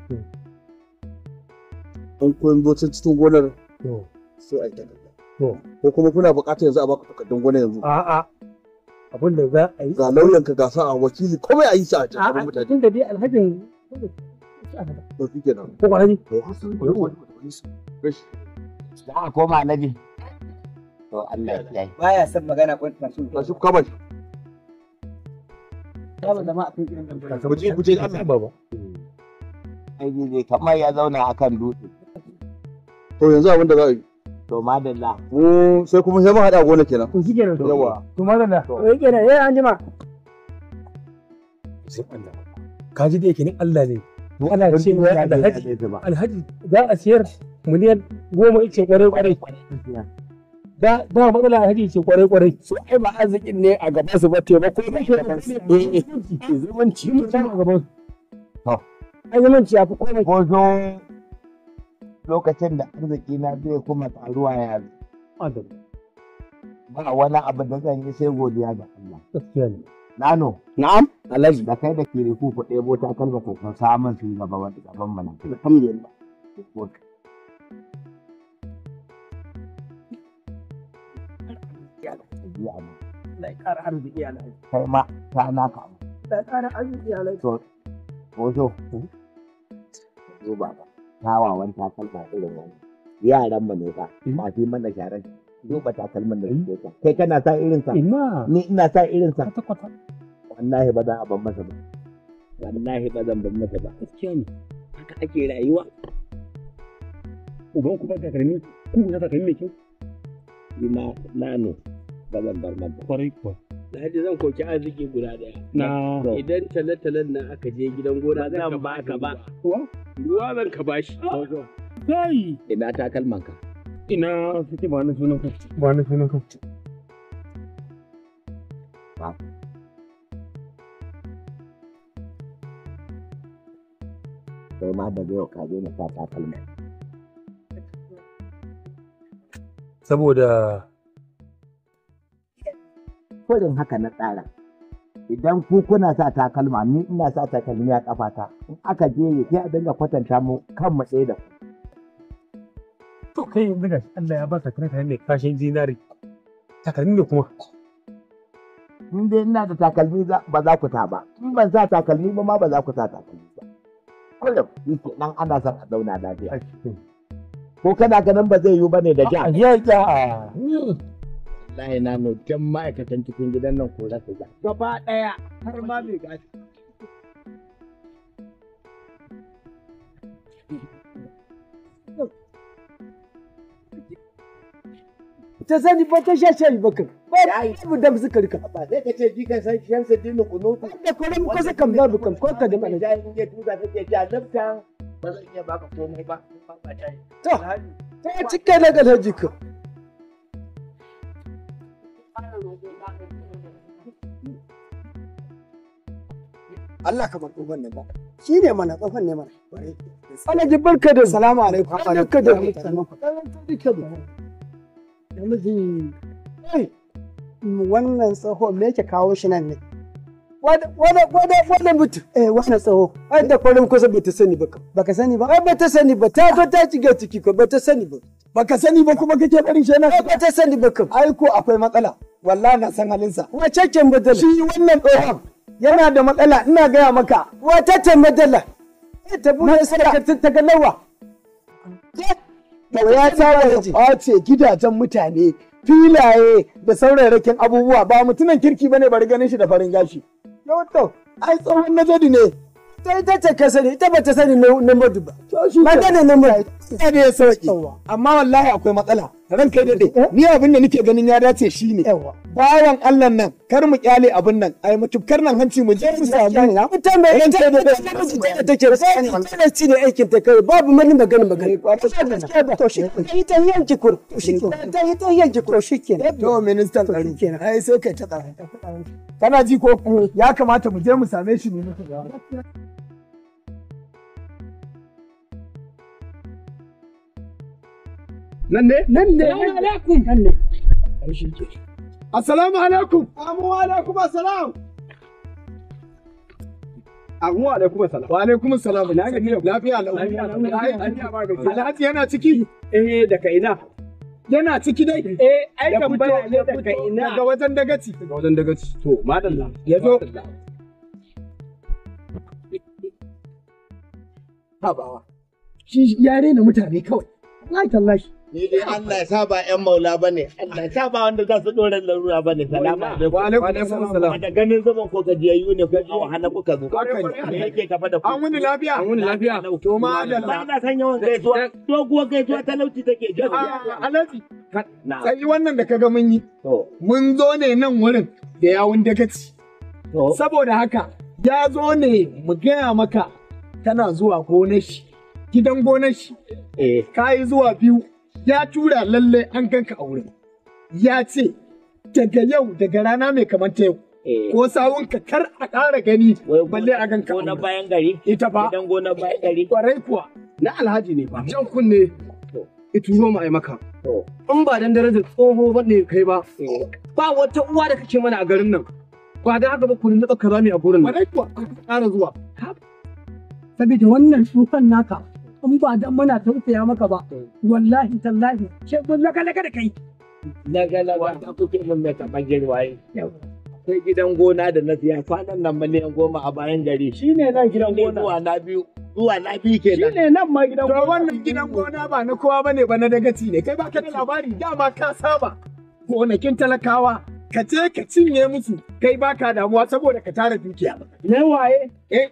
A: an kun zo cikin gonar sai a yi takarda ko kuma kuna buƙatar yanzu a baka takardun gona yanzu a'a abin da za a yi ga lauyan ka gasa a wakili komai a yi sa a cikin mutane tun da dai alhajin to fike nan ko alhaji to hasan ko wani rashi da aka koma annabi to Allah ya yi baya san magana ko kun masu masu kamar Kaba da ma a kan irin da ku buje ku je Allah baba ai ne kamar ya zauna akan dutse to yanzu abin da za a yi To madalla. Mu sai kuma sai mun haɗa gona kenan. To shi kenan. Yawa. To madalla. To yake kenan eh an jima. Sai Allah. Ka ji da yake ni Allah ne. Mu ana ce mu alhaji. Alhaji za a siyar miliyan goma ce kwarai kwarai. Da ba matsala alhaji ce kwarai kwarai. Su ai ba arzikin ne a gaban su ba taimako ne a gaban su. Eh eh. eh, eh zumunci ne a gaban To. Ai zumunci ya fi komai. Bozo lokacin da arziki na zai kuma taruwa ya zai. Ba wani abu da zan yi sai godiya ga Allah. Nano. Na'am. Alhaji. Da kai da kiri ku ku ɗebo ta kalba ku ku samun su gaba wani gaban mana. Alhamdulillah. Kai ma ta na ka. Da ƙara arziki alhaji. To, ko so. Zo baba. kawawan takalma irin wani yaran mu ne fa ba fi mana sharar. duba takalman da suke ka. kai kana sa irin sa ni ina sa irin sa wallahi ba za a ban masa ba wallahi ba zan ban masa ba gaskiya ne haka ake rayuwa uban ku ba karmi ku na takalmi mai kyau ina nano ba zan bar nan ba. Kwarai kuwa. Lahadi zan koki arziki guda ɗaya. Na. Idan tale-talen nan aka je gidan gona zan ba ka ba. Ruwa zan ka bashi. Ah! Kai. Ina takalman ka. Ina suke ba ni sunan ka. Ba ni sunan ka. Ba. Sai ma da zai ka zo na sa takalman. Saboda kurin haka na tsara idan ku kuna sa takalma ni ina sa takalmi a kafata in aka je ya sai a dinga kwatanta mu kan mu tsaye da ku to kai yanzu ga Allah ya ba ka kai mai kashin zinari takalmi ne kuma in dai ina da takalmi ba za ku ta ba in ban sa takalmi ba ma ba za ku sa takalmi ba kullum yake nan ana son a zauna lafiya hmm. ko kana ganin ba zai yiwu bane da ja ya ja Allah ina mu dan ma'aikatan cikin gidan nan ko za su ga. gaba ɗaya har ma bai gashi ta sani ba ta shashe bakar ba da yi ibu dam suka rika ba sai ka ce ji kan san shan sadin ku no da ko mun kasa kam da bukan ko ka da mana Ya yi ya tuza ta ce ja nafta ba zan iya baka komai ba ba ta to ta cika daga lajika Allah ka bar ne ba shi ne mana ne mana ana ji barka da salamu alaikum barka da wannan tsohon me yake kawo shi nan ne Wane mutu? Eh, wane tsawo. Ai, da kwarin kusa ba ta sani ba. Ba ka sani ba? Ai, ba ta sani ba. Ta zo ta shiga ciki ko ba ta sani ba. Ba ka sani ba kuma kake barin shi na. Ba ta sani ba kam. Ai, ko akwai matsala. Wallahi na san halinsa. Wace ce matsala? Shi wannan tsohon yana da matsala ina gaya maka. Wace ce matsala? Ta buɗe sadakatin ta ga nawa. Ya ta kwace gidajen mutane filaye da sauraron abubuwa ba mutumin kirki bane bari ganin shi da farin gashi. to ai tsohon na ne ta ita ce ka sani ita bata sani na madu ba magana na madu ita ne ya sauki amma wallahi akwai matsala ran kai daɗe eh? ni abin da nake ganin ya dace shi ne bawan Allah nan kar mu kyale abin nan ai mu tukar nan hanci mu je mu samu ita mai ita da da take ita ci ne aikin ta kai babu mani magana magana eh, to shi ita yan jikur shi ita yan jikur to shi kenan to ministan tsaro ai sai kai ta tsaro Kana ji ko? Ya kamata mu je mu same shi ne ga. Nan ne? Nan ne? Assalamu alaikum. Nan ne. Assalamu alaikum. Amu alaikum assalam. Amu ah, alaikum assalam. Wa alaikum assalam. Lafiya Lafiya Alhaji yana ciki? Eh daga ina. yana ciki dai eh, eh ai kan baya ne daga ina daga wajen dagaci daga wajen dagaci to madalla ya zo ha habawa shi yare rena mutane kawai wallahi tallahi Ni dai Allah ya sa ba 'yan maula ba ne, Allah ya sa ba wanda za su ɗora larura ba ne, salama alaikum. Wa alaikum salam. Da ganin zaman ko gajiyayyu ne ko a wahala kuka zo. Hakan ne. yake tafa da ku. An wuni lafiya. An wuni lafiya. To ma Allah. Ba na san yawan gaisuwa, eh, eh. doguwar gaisuwa talauci take jawo. Ah, Alhaji. Sai wannan da ka ga mun yi. Mun zo ne nan wurin da yawun dagaci. Saboda haka ya zo ne mu gaya maka tana zuwa gonar shi. Gidan gonar shi. Eh. Ka yi zuwa biyu. ya tura lalle an ganka a wurin ya ce daga yau daga rana mai kamar ta yau eh. ko sawun ka kar a ƙara gani balle a ganka gona bayan gari ita ba idan gona bayan gari kwarai kuwa na alhaji ne ba mm-hmm. jan kunne ita zo ai maka in ba dan darajar tsoho ba ne kai ba ba wata uwa da kake mana a garin nan ba da haka ba ku nuna ka zami a gurin nan kwarai kuwa ka ƙara zuwa saboda wannan tsufan naka in ba dan muna tausaya maka ba wallahi tallahi
C: sai ko laka laka da kai
A: na ga lawa ta kuke mun mai kaman waye
C: akwai
A: gidan gona da na siya kwanan nan miliyan goma a bayan gari shine nan gidan gona zuwa na biyu zuwa na biyu kenan shine nan ma gidan gona to wannan gidan gona ba na kowa bane ba na dagaci ne kai ba ka da labari dama ka saba gonakin talakawa ka je ka cinye musu kai baka damuwa saboda ka tara dukiya. Ne waye? Eh,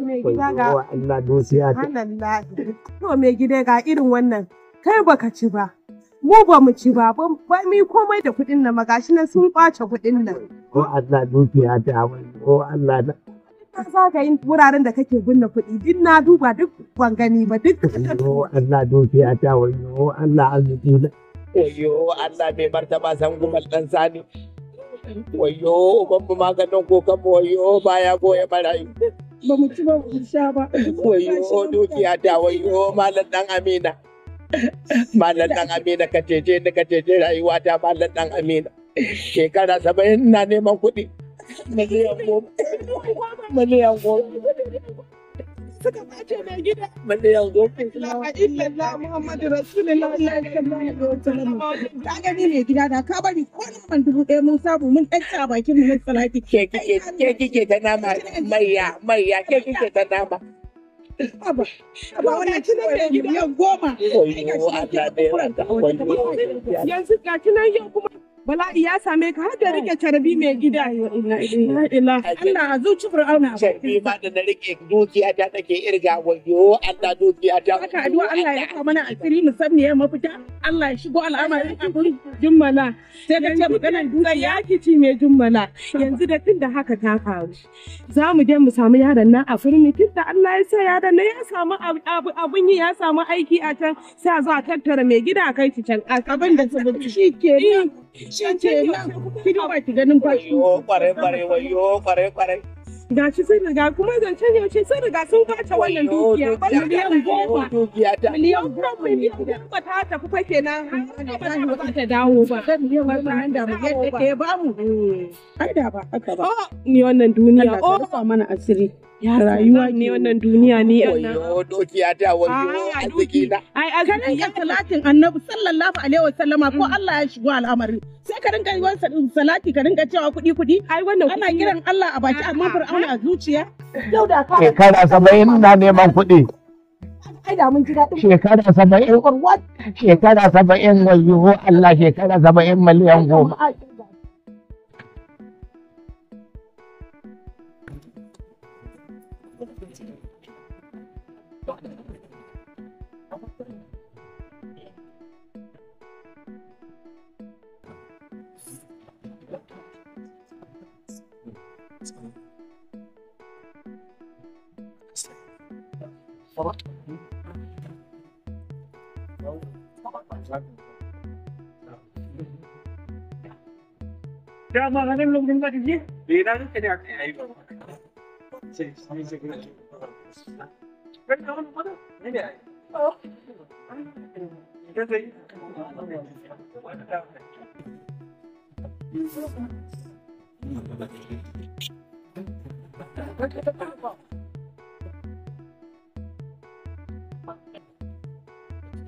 A: mai gida ga Allah dosiya to mai gida ga irin wannan kai baka ci ba mu ba mu ci ba ba mi komai da kuɗin nan magashi nan sun kwace kuɗin nan ko Allah dukiya ta ko Allah na za ka yi wuraren da kake gunna kuɗi duk na duba duk ban gani ba duk ko Allah dukiya ta ko Allah arziki na Oyo Allah mai martaba san gumal dan sani wayo ban maganin wayo baya goya barayi ba mu ci ba mu sha ba. Wayo oh, dukiya da wayo oh, malam dan Amina. Malam dan Amina ka cece ni ka cece rayuwa ta malam dan Amina. Shekara saba'in na neman kuɗi. Miliyan goma. Miliyan goma. suka sace mai gida banda yau go fi ilaha illallah muhammadu rasulullah sallallahu alaihi wasallam ka gani mai gida da ka bari ko nan ban dubu ɗaya mun samu mun bakin mu salati ke kike ke kike ta nama maiya maiya ke kike ta nama Aba, aba goma. Yanzu ga yau kuma bala'i ya same ka har da oh. rike carbi mai gida ila Allah a zuci fir'auna carbi ba da na rike dukiya ta take irga wayo Allah dukiya ta haka addu'a Allah ya kawo mana asiri mu san me mafita Allah ya shigo al'amarin cikin jummala sai ka ce maganar dukiya ya kici mai jummala yanzu da tunda haka ta faru za mu je mu samu yaron nan a firmi tun da Allah ya sa yaron nan ya samu abun yi ya samu aiki a can sai a zo a tattara mai gida a kai ci can abin da su shi ke Shi ke nan, ki duba ki ganin fashi. Yo wayo Ga shi sun riga kuma sun riga sun kwace wannan dukiya. Miliyan goma. Dukiya ta. Miliyan goma miliyan goma ta tafi fa kenan. Ba ta ta dawo ba. miliyan goma Ba mu ta dawo ba Ai da ba haka ba. Oh, ni wannan duniya. ka oh. rufa mana asiri. Ya rayuwa ne wannan duniya ne A wayo dokiya ta wayo arziki na ai arziki ya salatin annabi sallallahu alaihi wasallama ko mm. Allah ya shigo al'amari sai ka rinka yi salati ka rinka cewa kuɗi kuɗi ai wannan ana kiran Allah a baki amma fir'auna a zuciya yau da ka shekara 70 na neman kuɗi ai da mun ji daɗin shekara saba'in shekara saba'in wayo Allah shekara saba'in miliyan goma 서박? क्या महादेव लोग दिन का दीजिए मेरा तो तेरे आते आई से समझ से गुरु फिर
B: कौन पता नहीं आए इधर से
A: Thank you.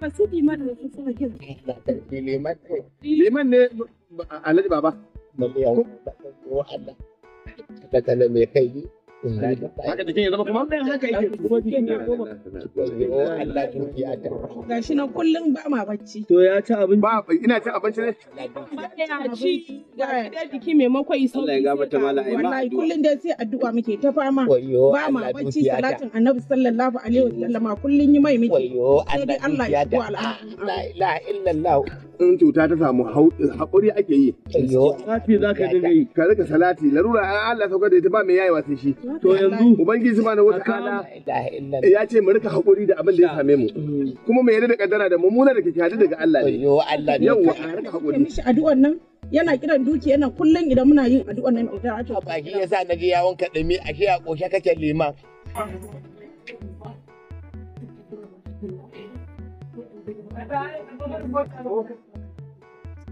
A: Pasti di mana? Di mana? Di mana? Alat apa? Mereka. Kata-kata mereka ini. haka jikin ya kuma kuma Allah ta kullum ba ma bacci to ya ci abinci ba ina ci abinci ne ya ci ga jiki maimakon isa Allah ya gafarta mala ai wallahi kullum dai sai addu'a muke ta fama ba ma bacci salatin annabi sallallahu alaihi wasallama kullum yi mai muke wayo Allah ya ta la ilaha illallah in cuta ta samu haƙuri ake yi. Salati za ka dinga yi. Ka rika salati larura an Allah sauka da ita ba mai yayewa sai shi. To yanzu. Ubangiji ba na wata kala ya ce mu rika haƙuri da abin da ya same mu. Mm. Kuma mu yadda da kaddara da mummuna da ke hadu daga Allah ne. Yo Allah ne. Yawwa a rika haƙuri. Addu'ar nan yana kiran duki yana kullum idan muna yin addu'ar nan da ta baki yasa na ji yawon kadami a shi a koshe kake liman.
B: Bye-bye.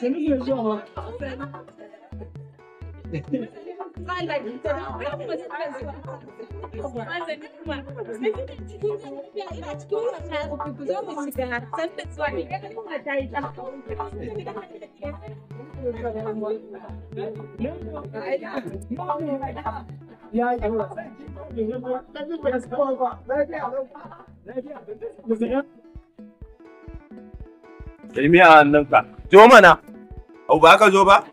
A: Seni geziyor ama. Ya Ilmi a hannunka. Jo mana. Au ba ka zo ba?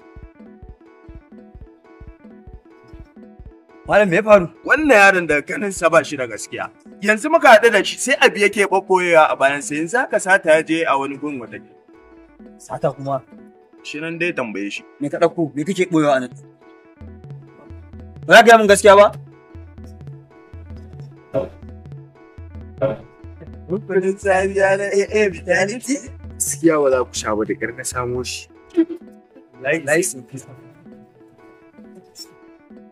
A: Malam me faru? Wannan yaron da kanin sa ba shi da gaskiya. Yanzu muka haɗu da shi sai abi yake ɓaɓɓoyewa a bayan sa yanzu aka sata ya je a wani gun wata Sata kuma? Shi nan dai tambaye shi. Me ka ɗauko? Me kake ɓoyewa a nan? Ba za ka yi min gaskiya ba? Rukunin ya na AAB ta nufi? gaskiya ba za ku sha ba da ƙyar na samo shi.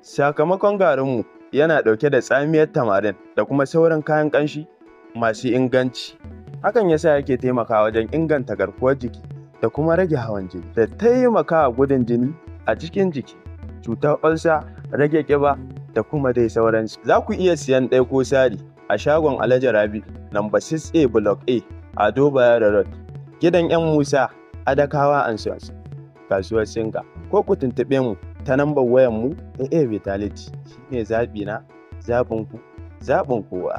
A: Sakamakon garinmu yana ɗauke da tsamiyar tamarin da kuma sauran kayan ƙanshi masu inganci. Hakan yasa yake taimakawa wajen inganta garkuwar jiki da kuma rage hawan jini da taimakawa gudun jini a cikin jiki, cutar ulsa, rage ƙiba da kuma dai sauransu. Za ku iya siyan ɗaya ko sari a shagon Alhaji Rabi, number 6A Block A, Ado Bayero Road. Gidan 'yan Musa, Adakawa Answers, kasuwar Singa, ko ku tuntuɓe mu ta nambar wayan mu a AA Vitality shi ne zaɓi na zaɓin ku zaɓin kowa.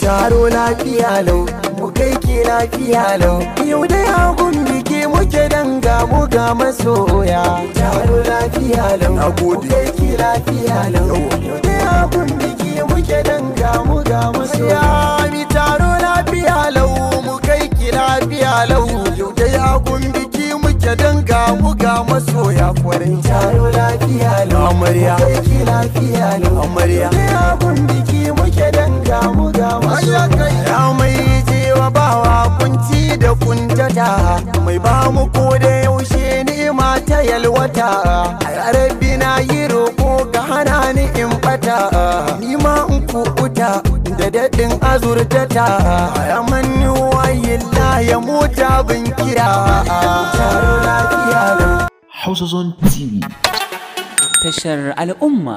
A: Taro lafiya lau, mu kai ke lafiya lau, yau dai hagun muke muke danga mu ga masoya. Taro lafiya lau, na gode. kai ke lafiya lau,
B: yau dai hagun muke muke danga mu ga masoya. Mi taro lafiya lau mu kai ki lafiya lau yau dai agun biki muke danga ga mu ga masoya kwarai taro lafiya lau amarya kai ki lafiya lau
A: amarya dai agun biki muke danga ga mu ga masoya ya mai jewa bawa kunci da kuntata mai ba mu ko da yaushe ni mata yalwata a rabbi na yiro Ana ni in
B: bata ni ma in kukuta da daɗin azurtata ya
A: manni wayilla ya mota bin kira Hausa zon TV tashar al'umma